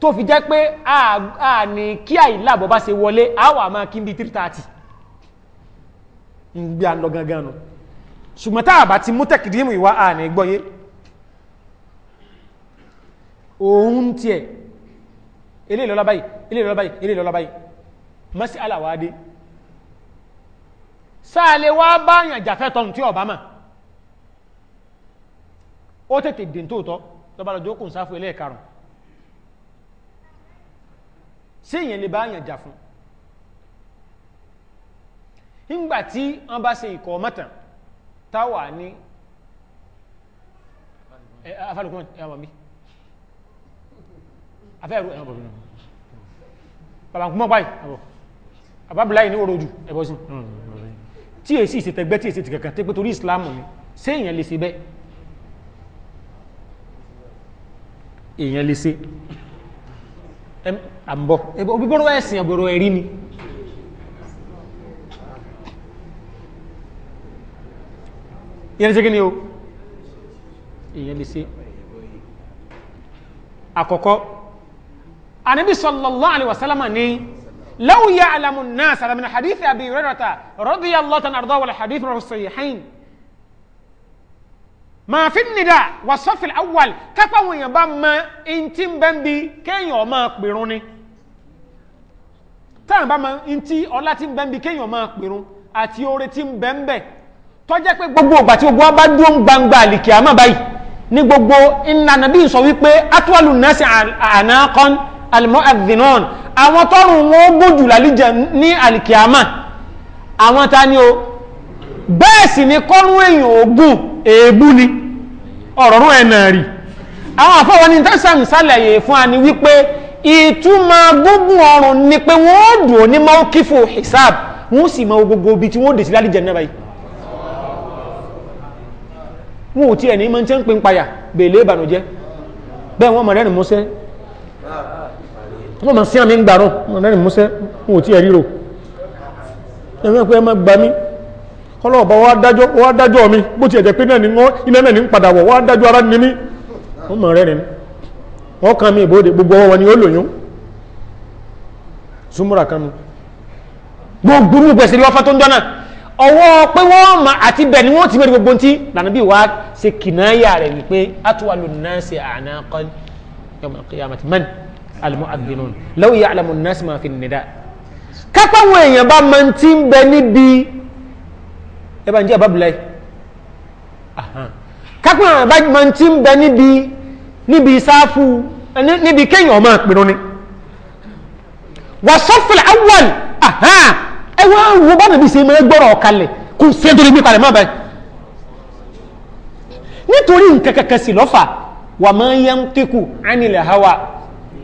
tó fi jẹ́ pé a ní kí àìláàbọ̀ bá ṣe wọlé a wà máa kí bí 330 ń gbé àlọ gangan nù ṣùgbọ́n tá àbá ti mú tẹ̀kìdímù ìwá a ní gbọ́yé òun tiẹ̀ ilé ìlọ́lá báyìí ilé ìlọ́lá báyìí ilé ìlọ́lá báyìí mọ́sí aláwádé sáàlẹ̀ wá báyàn jàfẹ́ tọ́nù tí ọ̀bá mà ó tètè dèntòótọ́ lọ́bàlọ́jọ́ kùn sáfù ilé ẹ̀karùn-ún sí èyàn lè bá yàn jà fún nígbà tí wọ́n bá ṣe ikọ̀ mọ́tàn táwà ní afálùkún ẹwọ̀n mi afẹ́rù ẹwọ̀n bọ̀bí náà bàbá kúmọ̀ báyìí ẹwọ̀ àbábìláì ní oró jù ẹbọ́ sí tí èsì ìsètẹ̀gbẹ́ tí èsì tìkẹ̀kẹ̀ tí pé torí ìsìlámù ni sí lè ṣe bẹ́ẹ̀ èyàn lè ṣe àmbọ̀ òbí bọ́rọ̀ ẹ̀sìn ọ̀bọ̀rọ̀ ẹ̀rí ni ìyẹn ṣe kí ni o ìyẹn lè ṣe àkọ́kọ́ anabi sallallahu alaihi wasallam ni law ya'lamu an-nas min hadith abi hurairah radiyallahu anhu arda wal hadith rawi sahihain ma fi nida wa safi al-awwal kápá wọn yẹn bá ma ntí bẹ́ẹ̀ bi kéèyàn ọmọ pèrún ni táwọn bá máa ń tí ọlá tí ń bẹ́ ń bi kéèyàn máa pèrún àti oore tí ń bẹ́ ń bẹ̀ tọ́jẹ́ pé gbogbo ìgbà tí gbogbo wa bá dúró ń gbangba àlìkì àmọ́ báyìí ní gbogbo ìlànà bí n sọ wípé atúwàlù nọ́ọ̀sì ànákan àlùmọ́ àdìnnán àwọn tọrùn wọn gbójú làlíjẹ ní àlìkì àmọ́ àwọn ta ni o bẹ́ẹ̀ sì ni kọ́rún èèyàn ogun èébú ni ọ̀rọ̀rún ẹ̀ náà àwọn àfọwọ́ ni tẹ́sán ṣàlàyé fún wa ni wípé ìtumọ̀ gbogbo ọrụ ni pé wọ́n dùn ní mọ́kífò hisab wọ́n sì mọ gbogbo ibi tí wọ́n dè sí lálì jẹ náà báyìí ò tiẹ̀ ní mọ́ tí ń pin payà bèèlè ìbànújẹ́ bẹ́ẹ̀ wọ́n músẹ́ wọ́n mọ̀ sí àmì ń gbàrún músẹ́ ò pé mi bó jẹ́ pé náà ní náà wọ́n wọ́n kan mi ìbòde gbogbo wọn ni ó lòyún súnmúra kan mi gbogbo mú gbèsè ní ọfà tó ń dọ́nà ọwọ́ pé wọ́n ma àti bẹ̀ ni wọ́n ti mẹ́rin gbogbo tí lànà bí wá ṣe kìnnáyà rẹ̀ wípé atúwàlù náà ṣe àná kan yọmọ kìyàmàtì mẹ́rin alimu abinun law níbi sáfù eh, níbi kéyàn ọmọ ìpinnu ni wà sọ́fìlẹ̀ awọ́n ẹwà wo bá nàbí ṣe mẹ́rẹ́ gbọ́rọ̀ ọ̀kalẹ̀ kò sí nítorí gbé kalẹ̀ má báyìí nítorí nǹkan kankan sì lọ́fà wà máa ń yán tẹ́kù ánilẹ̀ hawa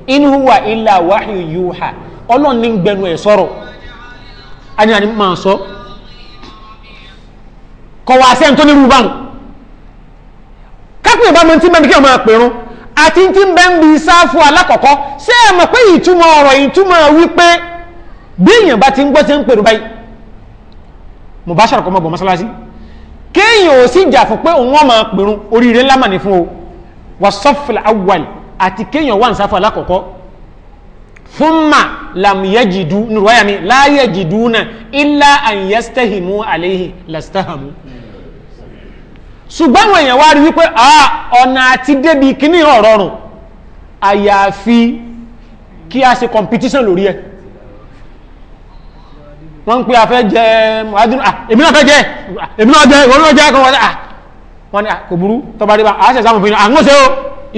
in huwa illa wahyu yuha ọlọ́run ní gbẹnu ẹ̀ sọ̀rọ̀ ani máa sọ kọ̀wá sẹ́ni tó ní kápẹ́ ìbámu tí mẹ́rin kí ọmọ àpẹrún àti tí ń bẹ ń bi sáfù alákọ̀ọ́kọ́ ṣé ẹ mọ̀ pé ìtumọ̀ ọ̀rọ̀ ìtumọ̀ wípé bí èèyàn bá ti ń gbọ́ sí ń pèrò báyìí mo bá ṣàrọ̀kọ́ mọ́ bọ̀ mọ́sálásí kéèyàn ò sì jà fún pé òun ọmọ pèrún oríire ńlá ní fún o wà sọ́fìlà awwal àti kéèyàn wà ní sáfù alákọ̀ọ́kọ́ thumma lam yajidu nùrọ̀yàmí la yajiduna illa an yastahimu alayhi lastahamu. Mm -hmm ṣùgbọ́n àwọn èèyàn wá rí wípé ọ̀nà àti débi kíní ọ̀rọ̀rùn àyàfi kí a ṣe competition lórí ẹ̀ wọ́n ń pè afẹ́ jẹ èmi náà fẹ́ jẹ èmi náà jẹ ìwọ́n náà jẹ ẹ̀kọ́ wọn ni kò burú tọba rí bá a ṣe sáwọn òfin àwọn ṣe o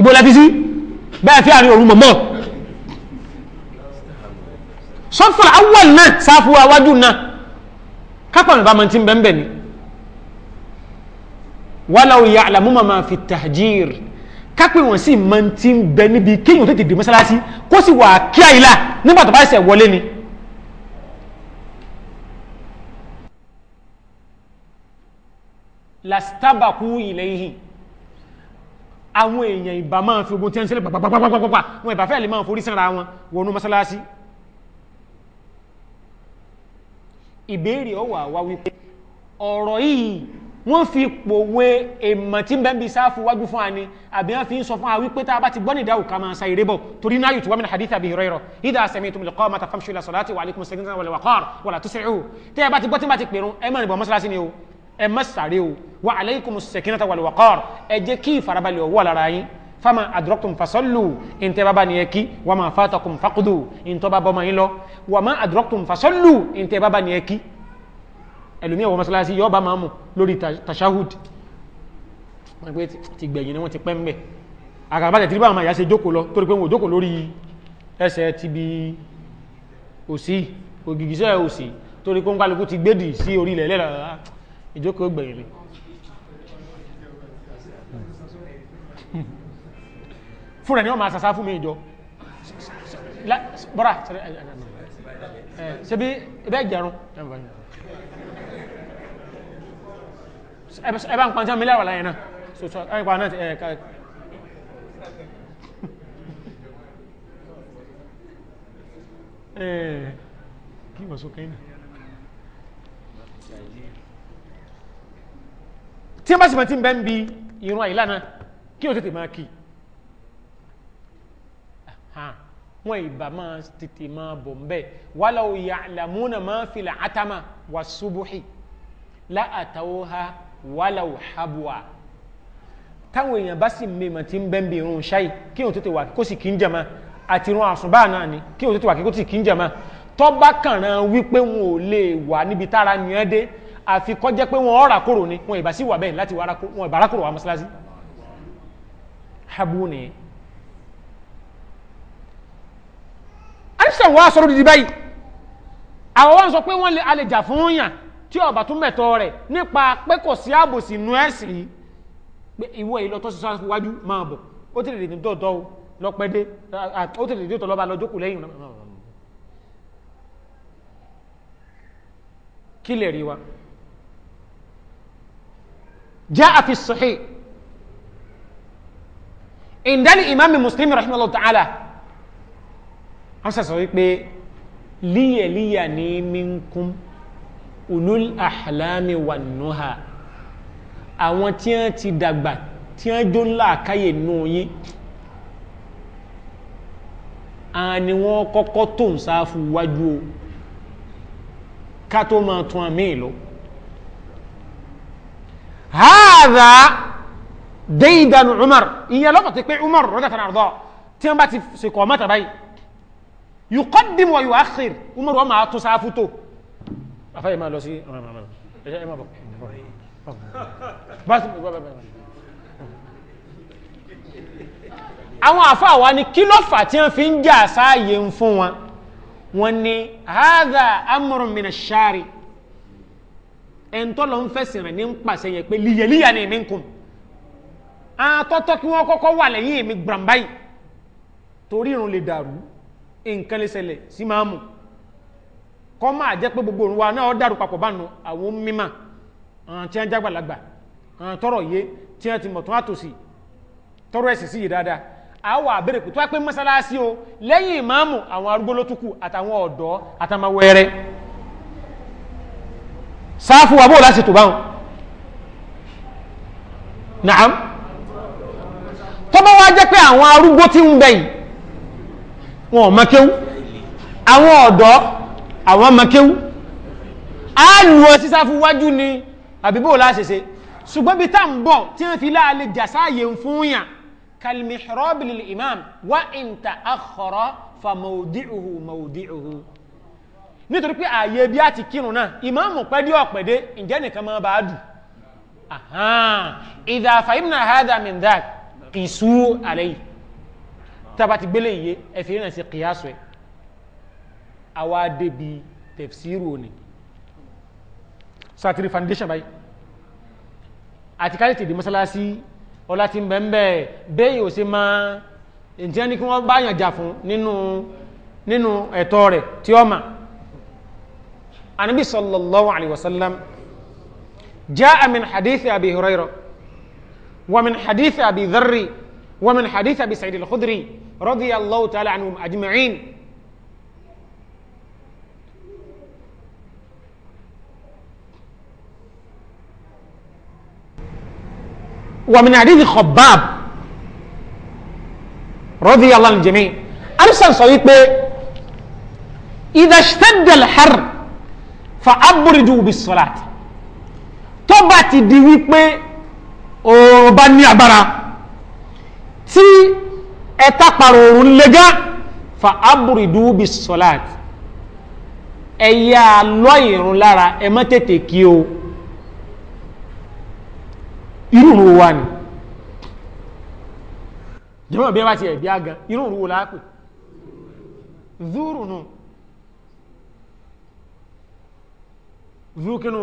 ìbò lẹ́fi sí bẹ́ẹ̀ fi àárín òrùn mọ̀mọ́ sọ́fà awọ́l náà sáfù awájú náà kápọ̀ nípa mọ̀ tí ń bẹ́ẹ̀ bẹ́ẹ̀ ni walaw ya'lamuna ma fi tahjir kápẹ́ wọn sì máa ti ń bẹ níbi kéèyàn tètè dé mọ́sálásí kó sì wà kí àyílà nígbà tó bá ṣẹ̀ wọlé ni. lastabaku ilayhi àwọn èèyàn ìbá máa fi ogun tí wọ́n ń ṣẹlẹ̀ pàpàpàpàpàpà wọn ìbá fẹ́ẹ̀ lè máa forí sanra wọn wọnú mọ́sálásí. ìbéèrè ọ̀wà wa wípé ọ̀rọ̀ yìí wọ́n fi pòwe èèmọ̀ tí bẹ́ẹ̀ bí sáfù wájú fún àní àbí wọ́n fi ń sọ fún àwí pé tá a bá ti gbọ́ ní ìdáhùn ká máa sa eré bọ̀ torí náà yìí tó wọ́n mi hadith àbí ìrọ̀ ìrọ̀ ìdá sẹ́mi tó lọ́kọ́ máa tafam ṣùlá sọ̀láti wà alaykum sẹ́gíńtà wàlẹ̀ wà kọ́ọ̀rọ̀ wàlà tó sẹ́yìn o tẹ́ ẹ bá ti gbọ́ tí bá ti pèrún ẹ má nìbọn fama adrọ́kùn fasọ́lù ìntẹ́ ni ẹ kí wà fàtàkùn fàkùdù ìntọ́ ọmọ yín lọ wà máa fasọ́lù ìntẹ́ ni ẹ kí ẹlòmí ẹ̀wọ̀ mọ́sálásí yọ́ bá máàmù lórí tashahud wọ́n pé ti gbẹ̀yìn ni wọ́n ti pẹ́ ń bẹ̀ àkàbàtẹ̀ tí bá máa yà ṣe jókòó lọ torí pé wọ́n jókòó lórí ẹsẹ̀ ti bi òsì ògìgísẹ̀ òsì torí pé kálukú ti gbédì sí orí ilẹ̀ lẹ́la ah, ìjókòó gbẹ̀yìn ni fúnra ni wọ́n máa sàsá fún mi ìjọ bọ́ra ṣe bí ẹgbẹ́ ìjẹrun ẹ bá ń pàjá mi láwà láyé náà sọ̀tọ̀ ẹ̀pà náà ẹ̀ka eh, kí wọ́n sókè náà tí wọ́n bá sì mọ̀ tí ń bẹ́ ń bi irun àìlá náà kí o tètè máa kí wọn ìbá máa tètè máa bọ̀ ń bẹ́ẹ̀ walaw ya'lamuna ma fil atama was subuhi la atawha wàláwù habuwa táwọn èèyàn bá sì mèmọ̀ tí ń bẹ́ bí irun ṣáì kí o tó ti wà kó sì kí ń jẹma àti irun àsùnbà náà ni kí o tó ti wà kó sì kí ń jẹma tó bá kànràn wípé wọn ò lè wà níbi tára nìyẹn dé àfi kọ́ jẹ́ pé wọn ọ̀rà kòrò ni wọn ìbá sì wà bẹ́ẹ̀ láti wọn ìbára kòrò wà mọ́sálásí habu ni alisa wa sọ̀rọ̀ didi báyìí àwọn wọn sọ pé wọn lè jà fún yàn tí ọba tún mẹ̀tọ́ rẹ̀ nípa pé kò sí àbòsí inú ẹ̀sìn yìí pé ìwọ yìí lọ tọ́sí sáà wájú máa bọ̀ ó tẹ̀lé ní tọ́tọ́ lọ́pẹ́dé ó tẹ̀lé ní tọ́lọ́ba lọ lẹ́yìn kí lè rí wa جاء في الصحيح عند الإمام مسلم رحمه الله تعالى أساس لي لي منكم ulul ahlami wa nuha àwọn tí wọ́n ti dàgbà tí wọ́n jó ńlá àkáyè nù yín àwọn ni wọ́n kọ́kọ́ tó ń sáfù wájú o ká tó máa tún àmì ìlú haza deidan umar ìyẹn lọ́pọ̀ ti pé umar rọ́jà tán àrùdọ́ tí wọ́n bá ti ṣe kọ́ mọ́tà báyìí yukọ́dìmọ̀ yóò umar wọn máa tún sáfù tó afẹ́ yìí máa lọ sí ẹ̀ṣẹ́ ẹ̀mà bọ̀ àwọn àfáà wa ni kí ló fà tí wọ́n fi ń jà sáàyè ń fún wọn wọn ni hadha amrun min ash-shari ẹ̀ńtọ́ lọ ń fẹ̀sìn rẹ̀ ní ń pàṣẹ yẹn pé lìyẹ̀lìyà ni minkum àtọ́tọ́ kí wọ́n kọ́kọ́ wà lẹ́yìn èmi gbàmbáyì torí irun lè dàrú nǹkan lè ṣẹlẹ̀ sí máàmù kọ́ máa jẹ́ pé gbogbo òun wa náà dàrú papọ̀ bánu àwọn mímọ̀ tí wọ́n jágbàlagbà tọrọ yé tí wọ́n ti mọ̀ tó àtòsí tọrọ ẹ̀sìn sí yìí dáadáa àwọn àbẹ̀rẹ̀ pé pé mọ́sálásí o lẹ́yìn ìmáàmù àwọn arúgbó ló túkù àtàwọn ọ̀dọ́ àtàmàwẹ̀rẹ̀ sáfù wa bóò láti tò báwọn naam tó bá wá jẹ́ pé àwọn arúgbó tí ń bẹ yìí àwọn ọ̀dọ́ àwọn makéwú a nù ọ sísá fún wájú ni àbíbò láṣẹṣe ṣùgbọ́n bí tá ń bọ̀ tí wọ́n fi láàlẹ̀ jàsáyè ń fún yàn kalmihrobil imam wa inta akhara fa maudi'uhu maudi'uhu nítorí pé ààyè bí a ti kírun náà ìmáàmù pẹ́dí ọ̀pẹ̀dé ǹjẹ́ nìkan máa bá a dù ìdá àwa débi tẹ̀fsíìrù òní sátìrì foundation báyìí àti káyọ̀tì di mọ́sálásí ọlá ti ń bẹ̀ ń bẹ̀ bẹ́ẹ̀ ò ṣe máa ǹjẹ́ ní kí wọ́n bá yàn jà fún nínú nínú ẹ̀tọ́ rẹ̀ tí ó mà anabi sallallahu alayhi wa sallam jaa hadithi abi hurayra wa min hadithi abi dharri wa min hadithi abi sa'id khudri radiyallahu ta'ala anhum ومن حديث خباب رضي الله عن الجميع أرسل صديق إذا اشتد الحر فأبردوا بالصلاة تبات ديويك أوباني عبارة تي أتقرر لغا فأبردوا بالصلاة ẹ̀yà lọ́yìnrún lára ẹ má tètè kí o irúurú wa ni jẹ́mọ̀ bí ẹ bá ti ẹ̀bí agan irúurú wo lápè zúrù nù zúkínú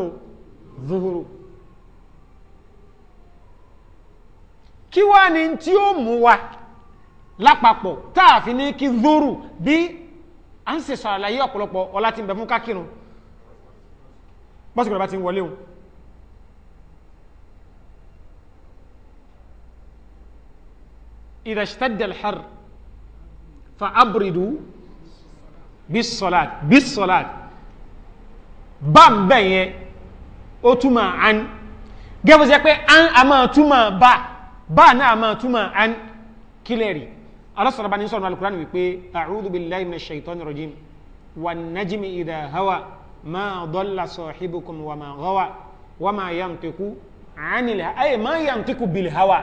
zúhúrú kí wá ni tí ó mú wa lápapọ̀ táàfi ní kí zúrù bí a ń ṣe sọ àlàyé ọ̀pọ̀lọpọ̀ ọlá ti ń bẹ fún kákírun bọ́sùgbọ̀n bá ti ń إذا اشتد الحر فأبردوا بالصلاة بالصلاة بام بين أتما عن gẹ́gbẹ́ sẹ́ pé an a máa túmọ̀ bá bá náà a máa túmọ̀ an kílẹ̀rì alọ́sọ̀rọ̀ bá ní sọ̀rọ̀ alukùránì wípé a'udhu billahi minash shaitani rajim wan najmi idha hawa ma dalla sahibukum wa ma gawa wa ma yantiku anil hawa ay ma yantiku bil hawa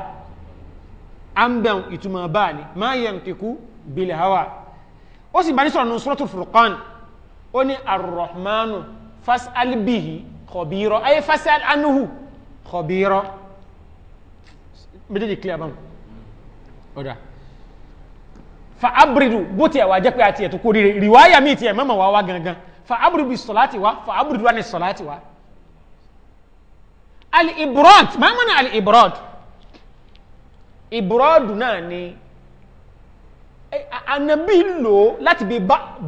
àmbẹ̀n ìtumọ̀ bá ní máa yẹ ǹtẹ̀kú bílẹ̀ hawa ó sì bá ní sọ̀rọ̀ ní suratul furqan ó ní arrahmanu fas'al bihi khabira ayé fas'al anuhu khabira méjèèjì kílẹ̀ àbámu ọ̀dà fa abridu bó tiẹ̀ wá jẹ́ pé àti ẹ̀tọ́ kó rí rìwáyà míì tiẹ̀ mọ́mọ́ wá wá gangan fa abridu bi wá fa abridu wá ní sọ̀láti wá al-ibrad máa mọ́ ní al-ibrad ìbúrọ́dù náà ni ànàbí lò láti bí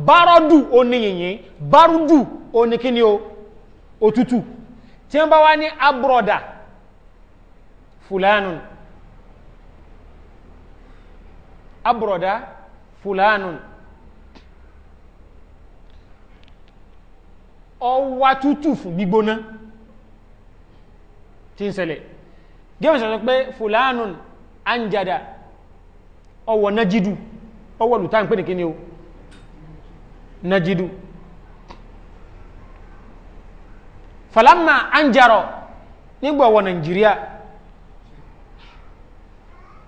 bárọ́dù oníyìnyín bárúdù oníkíní o òtútù tí wọ́n bá wá ní abúrọ̀dà fulanun abúrọ̀dà fulanun ọwá tútù fún gbígbóná tí ń ṣẹlẹ̀ gẹ́mẹ̀sẹ̀ sọ pé fulanun anjada ọwọ̀ najidu ọwọ̀ lùtá ń pè ní kíni o najidu falamma anjaro, nígbà ọwọ̀ Nàìjíríà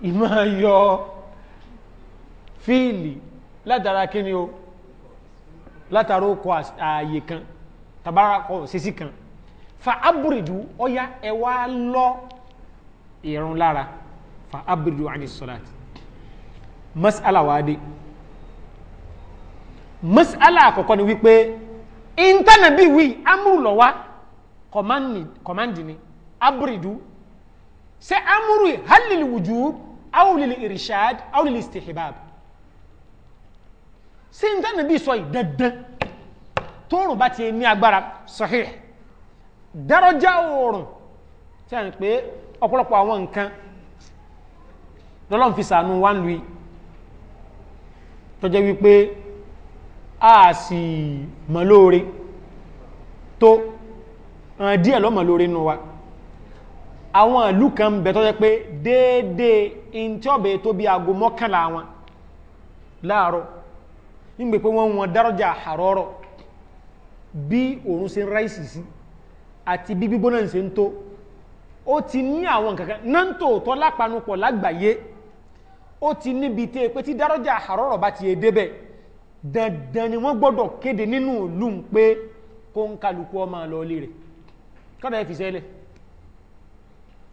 ìmọ̀ yọ fíìlì látara kíni o látara okò ààyè kan tàbárakọ̀ sísí kan fa abúrìjú ọya ẹwà lọ ìrún lára fa abridu ani salati mas'ala wa de mas'ala àkọ́kọ́ ni wípé intanẹ̀bí wí amúrù lọ́wọ́ kọ̀mándì ni abridu ṣe amúrù halil wujub aw lil irishad aw lil istihbab ṣe intanẹ̀bí sọ yìí dandan tóorùn bá ti ní agbára sahih dárọjá oòrùn tí a ń ọ̀pọ̀lọpọ̀ àwọn nǹkan lọ́lọ́n fi sànú wá ń lu i tọ́jẹ́ wípé a sì mọ̀ lóore tó díẹ̀ lọ́mọ̀ lóore nù wa àwọn ìlú kan bẹ̀ tọ́jẹ́ pé déédéé in tí ọ̀bẹ̀ tó bí aago mọ́kànlá wọn láàárọ̀ nígbè pé wọ́n wọn dárọ́jà àrọ́rọ̀ bí òun ṣe ń ráìsì sí àti bí gbígbóná ṣe ń tó ó ti ní àwọn kankan náà ń tòótọ́ lápanupọ̀ lágbàáyé ó ti níbi tí pé tí dárọ́jà àrọ́rọ̀ bá ti yé débẹ̀ dandan ni wọ́n gbọ́dọ̀ kéde nínú ìlú ń pé kó ń kálukú ọmọ lọ lé rẹ̀ kọ́dà fi sẹ́lẹ̀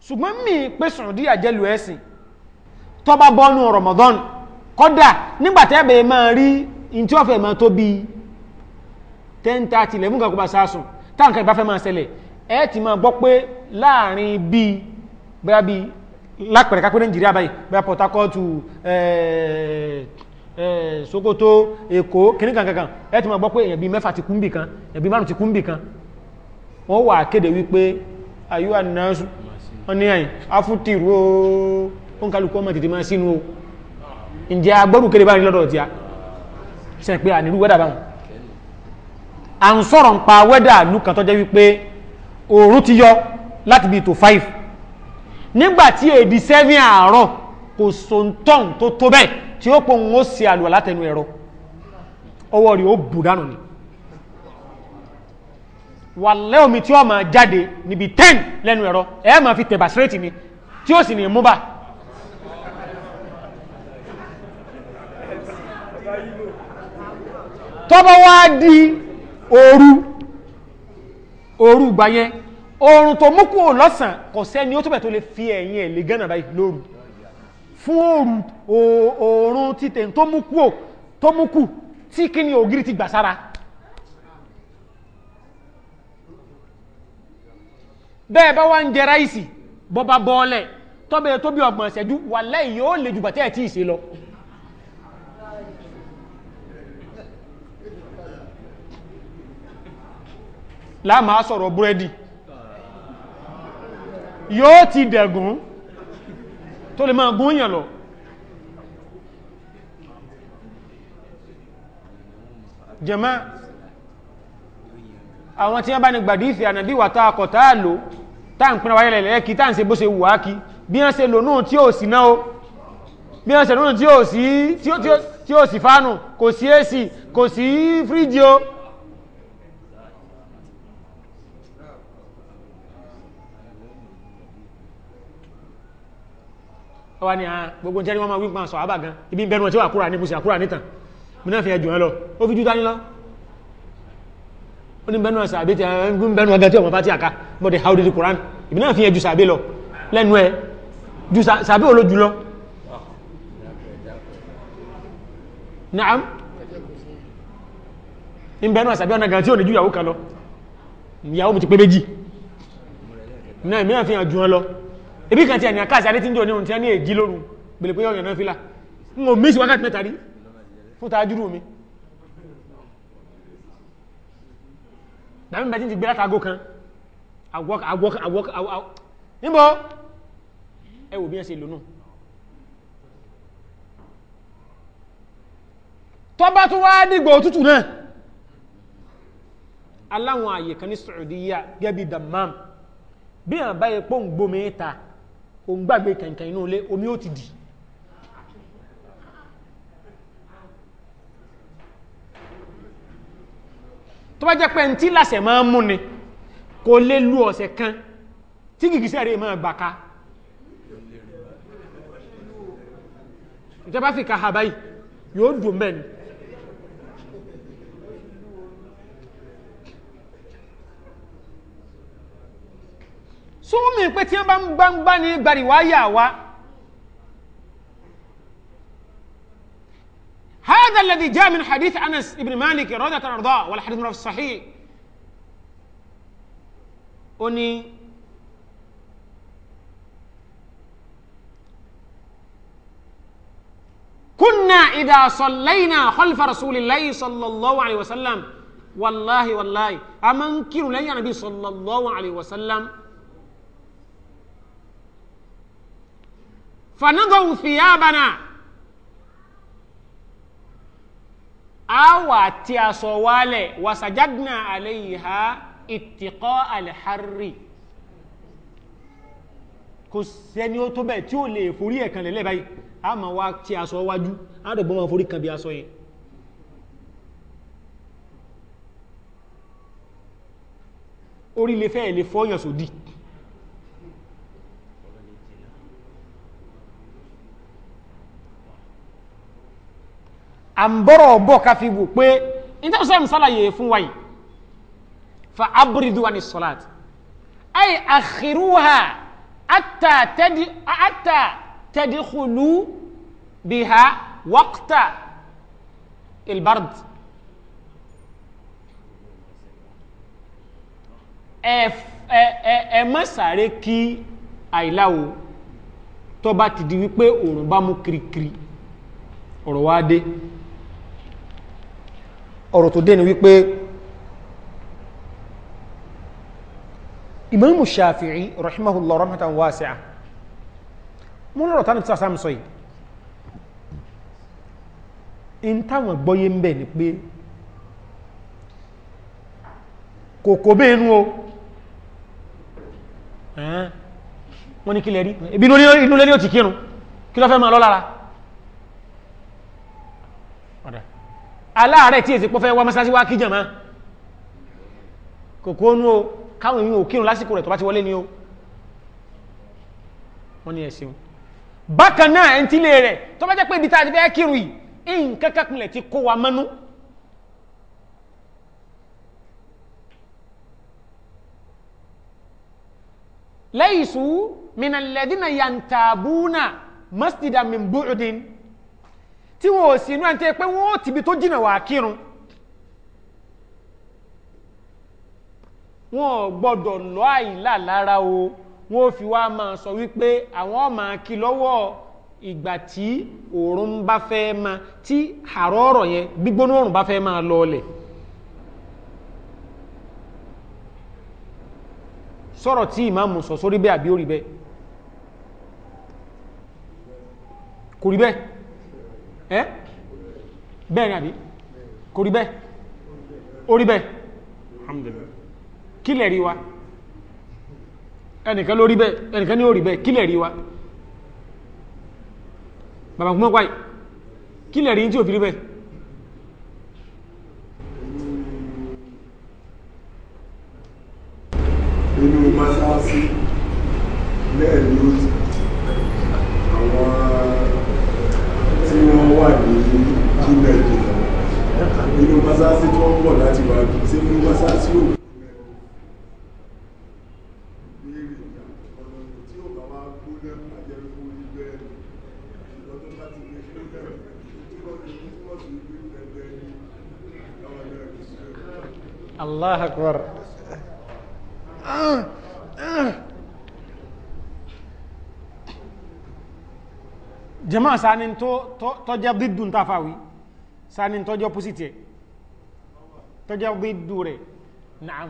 ṣùgbọ́n mi pé sùn díà jẹ́lu ẹ̀sìn tọ́ba bọ́nu Ramadan kọ́dà nígbàtẹ́ bẹ̀ẹ́ máa rí in tí ó fẹ́ máa tó bí 10:30 lẹ́mú kankan bá sáàsùn táǹkà ìbáfẹ́ máa ṣẹlẹ̀ ẹ ti máa gbọ́ pé láàrin bíi bẹ́ẹ̀ lápẹ̀rẹ̀ kápẹ́ nàìjíríà báyìí bẹ́ẹ̀ port harcourt eh, eh, sokoto èkó kìnní kankankan ẹ ti máa gbọ́ pé èèyàn bíi mẹ́fà ti kú níbì kan èèyàn bíi márùn ti kú níbì kan wọ́n wà kéde wípé ayú ànásù wọ́n ní àyìn afútìrú ooo ó ń kálukú ọmọ tètè máa sínú o ǹjẹ́ agbọ́rù kéde báyìí lọ́dọ̀ tí a ṣe pé àníru wẹ́dà báwọn à ń sọ̀rọ̀ ń pa wẹ́dà àlú kan tó jẹ́ wípé òòrùn ti yọ láti bíi tó five nígbàtí èdè sẹ́fìn àárọ̀ kò sóńtọ́n tó tó bẹ́ẹ̀ tí ó pọ̀ ń ó se àlùwà látẹnu ẹ̀rọ ọwọ́ rẹ̀ ó bù dànù ni wàlẹ́ omi tí ó máa jáde níbi ten lẹ́nu ẹ̀rọ ẹ̀ máa fi tẹ̀bà sírẹ́tì ni tí ó sì ní mú bá tọ́bọ̀ wá di òru òru gbà oòrùn tó mú kúrò lọ́sàn kò sẹ́ni ó tó bẹ̀ tó lè fi ẹ̀yìn ẹ̀ lè gánà báyìí lóru fún oòrùn oòrùn títẹ̀ tó mú kúrò tó mú kù tí kí ni ògiri ti gbà sára bẹ́ẹ̀ bá wá ń jẹ ráìsì bọ́bá bọ́ọ̀lẹ̀ tọ́bẹ̀ tó bí ọgbọ̀n ṣẹ́jú wà lẹ́yìn yóò lè jùbà tẹ́ẹ̀ tí ì ṣe lọ láàmà sọ̀rọ̀ búrẹ́dì yóò ti dẹ̀gùn tó lè máa gún yàn lọ jẹma àwọn tí wọ́n bá ní gbàdífì ànàbíwà tá àkọ̀tá àlò tá ń pínra wáyẹ̀lẹ̀ lẹ́ẹ̀kí tá ń ṣe bó ṣe wùwá kí bí wọ́n ṣe lò náà tí ò sí náà bí wọ́n ṣe lò náà tí ò sí fánù kò sí èsì kò sí fíríjì o wá ní ah, gbogbo jẹ́rí wọn máa wí pàṣọ àbà gan ibi ń bẹnu ọtí wà kúrà ní bùsì àkúrà nítàn mi náà fi ẹjọ́ ẹ lọ ó fi jú dání lọ ó ní bẹnu ọsà àbí ti ń bẹnu ọgá tí ọmọ fati àká bọ́dẹ̀ how did the Quran ibi náà fi ẹjọ́ sàbí lọ lẹ́nu ẹ ju sàbí olójú lọ. naam ń bẹnu ọsà àbí ọ̀nà gan tí ò ní ju ìyàwó kan lọ ìyàwó mi ti pé méjì náà ebi kan ti ẹ̀yàn káàsì adé tí ń jọ ní ohun tí wọ́n ní èjì lóru bèlè pé ọ̀yàn náà fílà ń o mísì wákàtí mẹ́ta rí fún tàájúrú mi dàmí bẹ́ẹ̀ tí ń ti gbé látago kan àwọ̀ àwọ̀ àwọ̀ àwọ̀ níbo ẹ wò bí wọ́n ṣe lò náà tọ́ba tó wá dìgbò òtútù náà aláwọn àyè kan ní Saudiya gẹ́bí Dammam bí àbáyé pọ́ǹgbòmẹ́ta o ń gbàgbé kẹ̀kẹ̀ inú ilé omi ó ti dì tó bá jẹ́ pé ń tí lásẹ̀ máa ń mú ni kò lè lu ọ̀sẹ̀ kan tí gìgísẹ̀ rẹ̀ máa gbàka ìjọba fi ka ha yóò dùn mẹ́ni súnmọ́ mi pé tí wọ́n bá ń gbangba ní gbàríwáyà wa هذا الذي جاء من حديث أنس بن مالك رضي الله عنه والحديث في الصحيح أني كنا إذا صلينا خلف رسول الله صلى الله عليه وسلم والله والله أمنكر لي النبي صلى الله عليه وسلم fanadọ̀wù fìyàbànà àwà tí a sọ wálẹ̀ wàsàjádìnà àlẹ́yìhá ìtìkọ́ alìhárì kò sẹ́ni ó tó bẹ̀ tí ó lè forí ẹ̀kan lẹ́lẹ́ báyìí a ma wá tí a sọ wájú a rẹ̀ gbọ́n forí kan bí a sọ yìí orí lè fẹ́ lè fọ́yàn sódì so à ń bọ̀rọ̀ bọ̀ ká fi wò pé ìtẹ́sọ̀ ìsàlàyé fún wa yìí fa abúrídù wa ní sọ́láàt ay àkìrúhà àtà tẹ́dìkùlù bí ha wọ́kta ilbard ẹ má kí àìláwo tó bá ti di wípé òòrùn bá mú kirikiri ọ̀rọ̀ wá ọ̀rọ̀ tó dé ni wípé Imam Shafi'i rahimahullah rahmatan wasi'a mú lọ́rọ̀ tánà tí a sáàmù sọ yìí in táwọn gbọ́yé ń bẹ̀ ni pé kòkó bẹ́ẹ̀nú o wọ́n ní kí lẹ́rí ibi inú lẹ́rí ò ti kírun kí ló fẹ́ máa lọ aláàárẹ̀ tí èsì pọ́fẹ́ wá mọ́sálásí wá kí jàmá kòkó nú o káwọn èèyàn ò kírun lásìkò rẹ̀ tó bá ti wọlé ni o wọ́n ní ẹ̀sìn bákan náà ẹ̀ ń tílé rẹ̀ tó bá jẹ́ pé ibi tá a ti fẹ́ kírun yìí nǹkan kankanlẹ̀ ti kó wa mọ́nú lẹ́yìn sùn mìnàlẹ́dínà yàǹtàbùnà masjidan min tí wọn ò sí inú ẹni tẹ́ pé wọn ó tìbi tó jìnà wà kírun wọn ò gbọ́dọ̀ lọ àìlà lára o wọn ò fi wá máa sọ wípé àwọn ọmọ kí lọ́wọ́ ìgbà tí òòrùn bá fẹ́ máa tí àrọ́ọ̀rọ̀ yẹn gbígbóná òòrùn bá fẹ́ máa lọọlẹ̀ sọ̀rọ̀ tí ìmáàmù sọ sórí bẹ́ẹ̀ àbí ó rí kò rí bẹ́ẹ̀ ẹ́ bẹ́ẹ̀ ni àbí kò rí bẹ́ẹ̀ orí bẹ́ẹ̀ alhamdulillah rí wa ẹnìkan ló rí bẹ́ẹ̀ ẹnìkan ní ó rí bẹ́ẹ̀ kí lẹ̀ rí wa bàbá kúmọ́ pàì kí lẹ̀ rí tí ò fi rí bẹ́ẹ̀ inú masáàsí lẹ́ẹ̀ni wà ní kílẹ̀ ìjìnlẹ̀ nínú mọ́sáàsì tí wọ́n pọ̀ láti wá bí ṣe nínú mọ́sáàsì ò Allah akbar. Ah, ah. jama sani to tọjẹ dídùn tafa wi sani tọjẹ opposite yẹ e. tọjẹ dídùn rẹ naam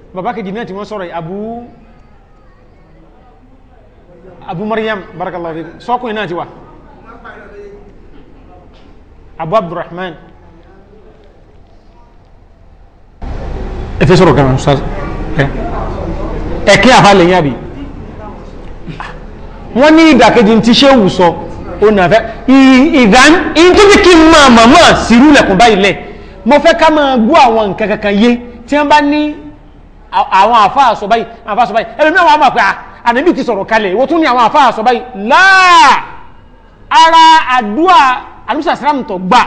bàbá kejì náà tí wọ́n sọ̀rọ̀ abu abu maryam barakallahu fi sọ́kùnrin náà ti wà abu abdurrahman ẹfẹ́ sọ̀rọ̀ kan ẹ̀kẹ́ àfàlẹ̀ yá bi wọ́n ní ìdàkejì tí ṣe wù sọ ó nà fẹ́ ìdán ìtúbí kí n máa màmá sírú lẹ̀kùn báyìí lẹ̀ mo fẹ́ ká máa gbọ́ àwọn nǹkan kankan yé tí wọ́n bá ní àwọn àfáà sọ báyìí àfáà sọ báyìí ẹlòmí àwọn àmà pé ah, ànábì ti sọ̀rọ̀ kalẹ̀ ìwọ tún ní àwọn àfáà sọ báyìí láà ara àdúà àlùsà sàrám tó gbà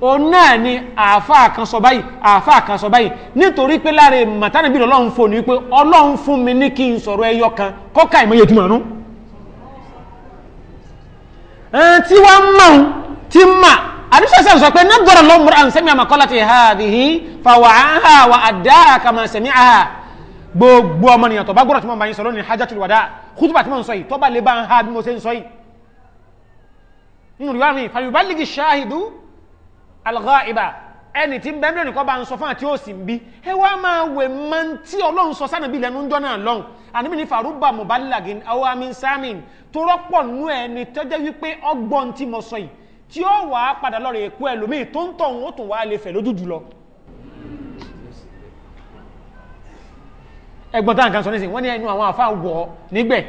òun náà ni àfáà kan sọ báyìí àfáà kan sọ báyìí nítorí pé láre màtánàbí lọ́lọ́run fò ní wípé ọlọ́run fún mi ní kí n sọ̀rọ̀ ẹyọ kan kọ́ka ìmọ̀ye tí màánú tí wọ́n mọ̀ tí mà àdúsọ̀sẹ̀ sọ pé nàdọ̀rọ̀ lọ́mùrù àwọn sẹ́mi àmàkọ́lá ti ha àdìhí fàwọ̀ àhà wà àdá àkàmà sẹ́mi àhà gbogbo ọmọnìyàn tó bá gbọ́dọ̀ tí mo bá yín sọ lónìí hajjatul wada kútùbà tí mo ń sọ yìí tó bá lè bá ń ha bí mo ṣe ń sọ yìí nínú ìwà mi fàyùbálìgì ṣáàhìdú alghaiba ẹni tí ń bẹ́ẹ̀ wá máa wẹ̀ tí ó wà á padà lọ́rọ̀ èkó ẹlòmíì tó ń tọ̀hún ó tún wà á lè fẹ̀ lójú jùlọ ẹgbọ́n tá nǹkan sọ nísìn wọ́n ní ẹnu àwọn àfáà wọ̀ ọ́ nígbẹ̀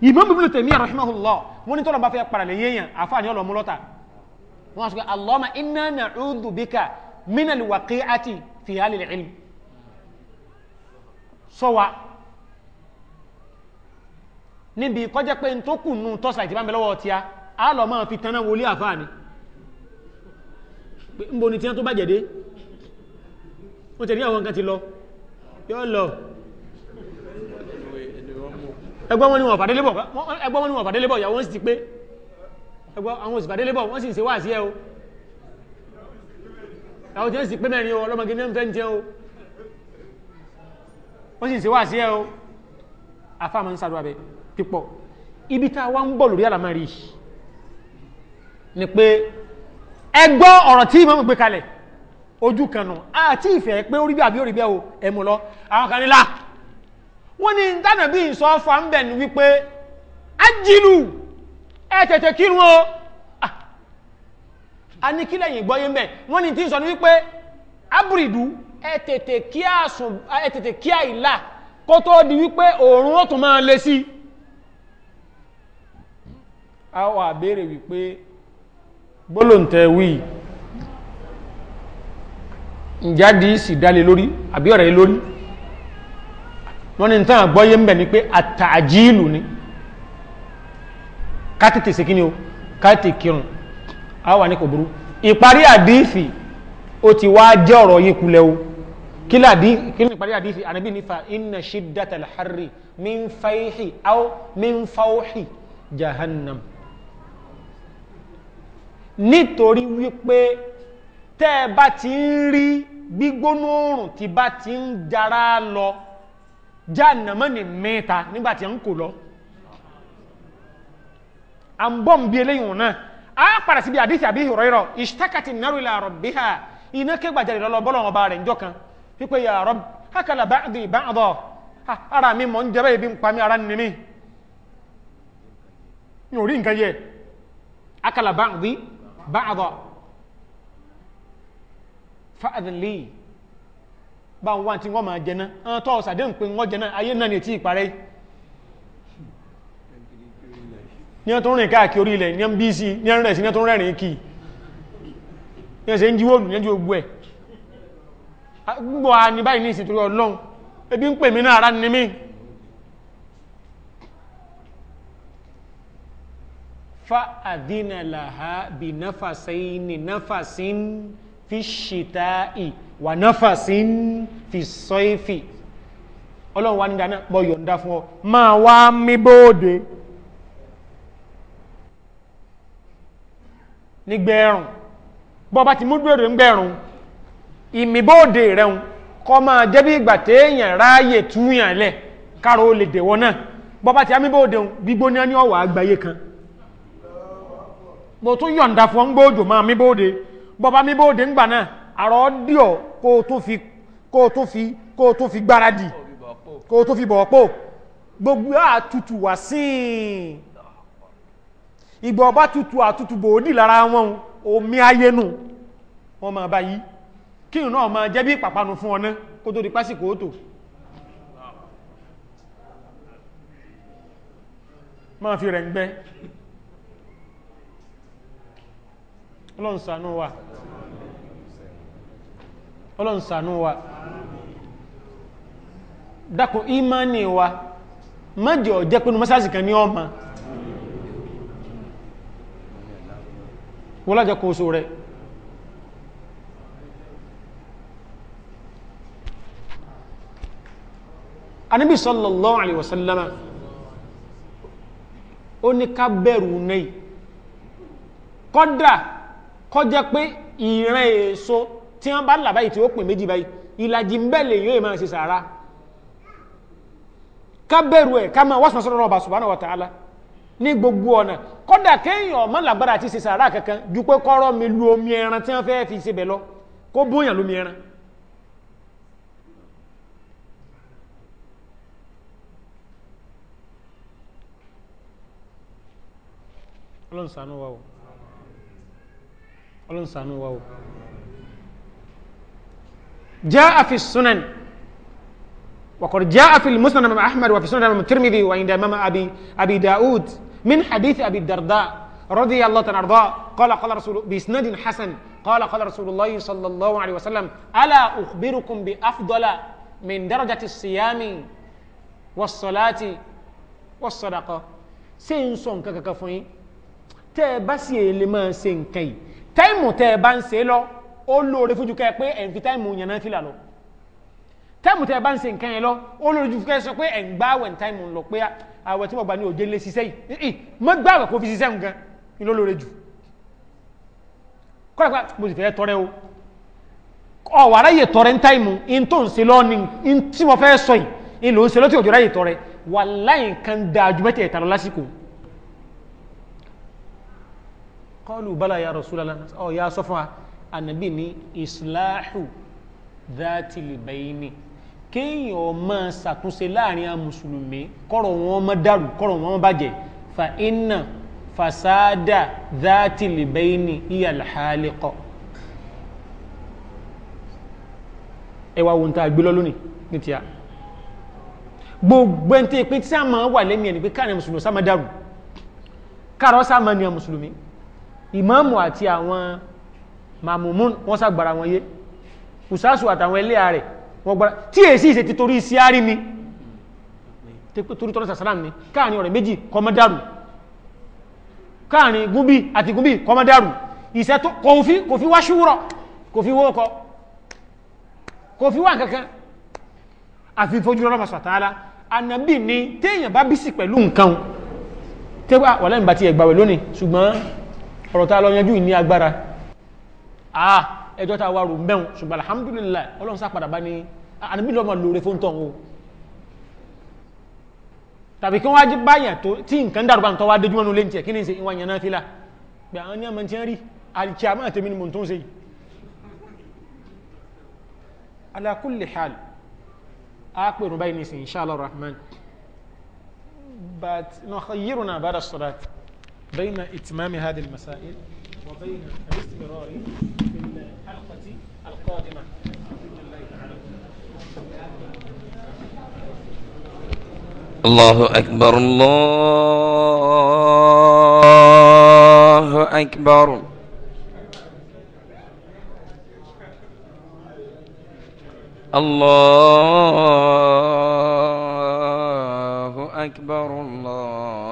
Imam Ibn Taymiyyah rahimahullah wọ́n ní tọ́lọ̀ bá fẹ́ padà lè yéèyàn àfáà ní ọlọ́mú lọ́ta wọ́n sọ pé Allahumma níbi kọjá pé n tó kù nù tọ́sà ìtìbámbẹ́lọ́wọ́ tíá a lọ máa fi taná wọlé àfáà ni ń bo ni tí wọ́n tó bàjẹ́ dé wọ́n tẹ̀lé àwọn nǹkan ti lọ yóò lọ ẹgbọ́n wọn ni wọ́n fàdélébọ̀ ẹgbọ́n wọn ni wọ́n fàdélébọ̀ ìyàwó wọn sì ti pé ẹgbọ́n àwọn òsì wọ́n sì ń ṣe ń sì ń ṣe sí ẹ o ibi tá a ń bọ̀ lórí àlàmárì ni pé ẹgbọ́ ọ̀rọ̀ tí ìmọ̀ gbé kalẹ̀ ojú kanù àti ìfẹ́ pé orí bí àbí orí bẹ́ o ẹmù lọ àwọn kan nílá wọ́n ni dánà bí ìsọ fà ń bẹ̀ ní wípé ajílù ẹ tètè kírun o ah. a ní kí lẹ́yìn gbọ́yé mẹ́ wọ́n ni tí ń sọ ní wípé abúrìdú ẹ tètè kí àìlà kó tó di wípé òórùn ó tún máa lé sí àwọn àbẹ̀rẹ̀ wípé gbólóǹtẹ̀ wí ìjáde sì dálé lórí àbí ọ̀rẹ́ lórí wọ́n ní tán àgbọ́yé ń bẹ̀ ni pé àtàjíìlù ni kátìtì sí kíni o kátì kírun a wà ní kò burú ìparí àdífì ó ti wá jẹ́ ọ̀rọ̀ yìí kulẹ̀ o kí ni ìparí àdífì nítorí wípé tẹ́ ẹ bá ti ń rí gbígbóná oòrùn tí bá ti ń jara lọ jánàmọ́nì mẹ́ta nígbàtí ń kò lọ a ń bọ́ ń bí eléyìn wọn náà a padà síbi àdísì àbí ìrọ̀ ìrọ̀ ìṣtákàtì náà ìlà ọ̀rọ̀ bí ha iná kégbàjáde lọ́lọ́ bọ́lọ̀ ọba rẹ̀ njọ́ kan wípé ya Rabb hákàlà bá dì bá ọ̀dọ̀ ara mi mọ̀ ń jẹ́ bẹ́ẹ̀ bí ń pa mi ara nìmi mi rí nǹkan yẹ hákàlà bá dì بعض fa'adhan li bá ń wá tí wọ́n máa jẹná ọ́n tọ́ ọ̀sàdé ń pè wọ́n jẹná ayé náà ní tí ìparẹ́ ní ọ́n tó rìn káàkiri orí ilẹ̀ ní ọ́n bí sí ní se ń jíwòlù ní ọjọ́ ogbó ẹ̀ gbogbo a ní báyìí ní ìsìtúrí ọlọ́run ebi ń pè mí ara ní mí fa'adina laha bi nafasaini nafasin fi shita'i wa nafasin fi soifi ọlọ́run wa ní dáná bọ́ yọ̀ǹda fún ọ máa wá mí bóòdè nígbẹ̀rún bọ́ba ti mú bèrè ńgbẹ̀rún ìmìbóòdè rẹun kọ́ máa jẹ́ bí ìgbà téèyàn ráàyè túyàn lẹ̀ káàró lè dèwọ́ náà bọ́ba ti amíbóòdè gbígbóná ní ọ̀wà àgbáyé kan mo tún yọ̀ǹda fún ọ́n gbóòjò máa mí bóde bọ́ba mí bóde ńgbà náà àrọ́ díọ̀ kó o tún fi kó o tún fi kó o tún fi gbáradì kó o tún fi bọ̀ọ̀ pò gbogbo àtutù wá sí i ìgbà ọba tutù àtutù bòódì lára wọn omi ayé nù wọn máa bá yí kí n náà máa jẹ́ bí ìpàpánu fún ọ kó tó di pásìkò ó tò máa fi rẹ̀ ń gbẹ́ ọlọ́run ṣàánú wa ọlọ́run ṣàánú wa dákun ìmánì wa májọ jẹ́ pínu mọ́sáàsì kan ní ọmọ wọ́n lájọ kóso rẹ̀ anábì sallallahu alaihi wasallama ó ní ká bẹ̀rù náà kọ́dà kọjẹ́ pé ìran èso tí wọ́n bá làbáyì tí ó pín méjì báyìí ìlàjì ń bẹ́ẹ̀ lè yóò máa ṣe sàárà ká bẹ̀rù ẹ̀ ká máa wọ́n sọ̀rọ̀ ọba subhanahu wa ta'ala ní gbogbo ọ̀nà kọ́dà kéèyàn ọmọ làgbára àti ṣe sàárà kankan ju pé kọ́rọ́ mi lu omi ẹran tí wọ́n fẹ́ fi ṣe bẹ̀ lọ kó bóyàn lómi ẹran ọlọ́run ṣàánú wa o ولن سانو واو جاء في السنن sunan وقد جاء في المسند امام احمد وفي سنن امام الترمذي وعند امام ابي ابي داود من حديث ابي الدرداء رضي الله تعالى عنه قال قال رسول باسناد حسن قال قال رسول الله صلى الله عليه وسلم الا اخبركم بافضل من درجه الصيام والصلاه والصدقه سين سون كاكا فوين تباسي لما سين كاي táìmù tẹ́ ẹ bá ń ṣe lọ ó lóore fújú kẹ́ pé ẹ̀ ń fi táìmù yẹn náà fìlà lọ táìmù tẹ́ ẹ bá ń ṣe nǹkan yẹn lọ ó lóore fújú kẹ́ sọ pé ẹ̀ ń gbá àwẹ̀ ń táìmù lọ pé àwẹ̀ tí mo gbà ní òjé lé ṣiṣẹ́ yìí mọ́ gbá àwẹ̀ kó fi ṣiṣẹ́ nǹkan ni ló lóore jù kọ́ra mo sì fẹ́ tọrẹ o ọ̀wà aráyè tọrẹ ń táìmù in tó ń ṣe lọ ni tí mo fẹ́ sọ yìí in ló ń ṣe lọ́tí qalu bala ya rasulallah ọ oh, ya sọ fún wa ànàbì ní islahu dhatil bayni kéèyàn ọmọ ṣàtúnṣe láàrin a mùsùlùmí kọ́rọ̀ wọn má dàrú kọ́rọ̀ wọn má bàjẹ́ fa inna fasada dhatil bayni hiya al-haliqa ẹwà ohun tá a gbé lọ lónìí ní tíya gbogbo ẹni tí ìpín tí a máa wà lẹ́mìí ẹni pé káàrin mùsùlùmí sá máa dàrú káàrọ̀ sá máa ní a mùsùlùmí ìmáàmù àti àwọn mamumun wọ́n sàgbàra wọn yé kùsásù àtàwọn ẹlẹ́à rẹ̀ wọ́n gbára tí èsì ìṣe ti torí sí àárí mi torí tọ́lá sàsàrà mi káàrin ọ̀rẹ́ méjì kọmọdárù káàrin gúnbí àti gúnbí kọmọdárù ìṣẹ́ tó kò fi wá ṣúwúrọ̀ kò fi wó kọ kò fi wá kankan àfi fojú rọ́mà sọ̀tàlá ànàbì ni téèyàn bá bísì pẹ̀lú nǹkan tẹ́gbà wà lẹ́yìn bá ti ẹ̀gbà wẹ̀ lónìí ṣùgbọ́n ọ̀rọ̀ tá a lọ yanjú ìní agbára ah ẹjọ́ tá a wá rò mẹ́un ṣùgbọ́n alhamdulillah ọlọ́run sá padà bá ní àníbí lọ́mọ lóore fún tọ̀ o tàbí kí wọ́n á báyàn tó tí nǹkan dàrú bá ń tọ́ wá déjú mọ́nu léńtì ẹ̀ kí ni ṣe ìwọ̀n yẹn náà fílà pé àwọn ní àmọ́ tí ń but nukhayyiruna ba'da as-salat بين إتمام هذه المسائل وبين الاستمرار في الحلقة القادمة الله أكبر الله أكبر الله أكبر الله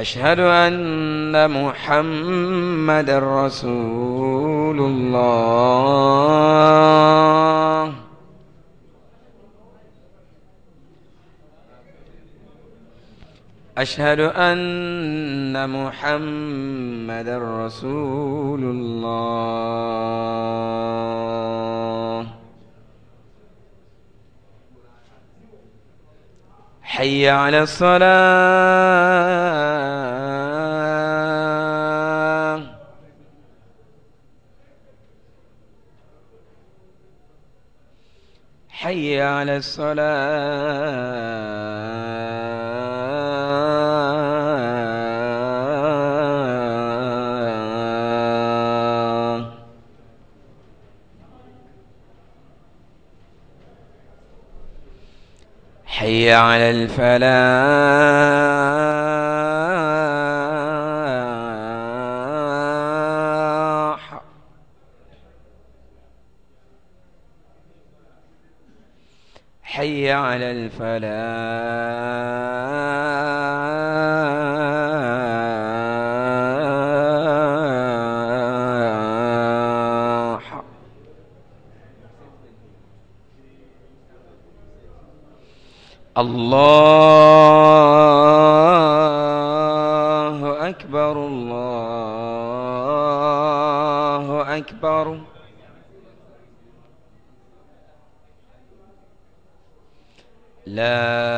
أشهد أن محمد رسول الله أشهد أن محمد رسول الله حي على الصلاة حي على الصلاة حي على الفلاح حي على الفلاح الله أكبر الله أكبر لا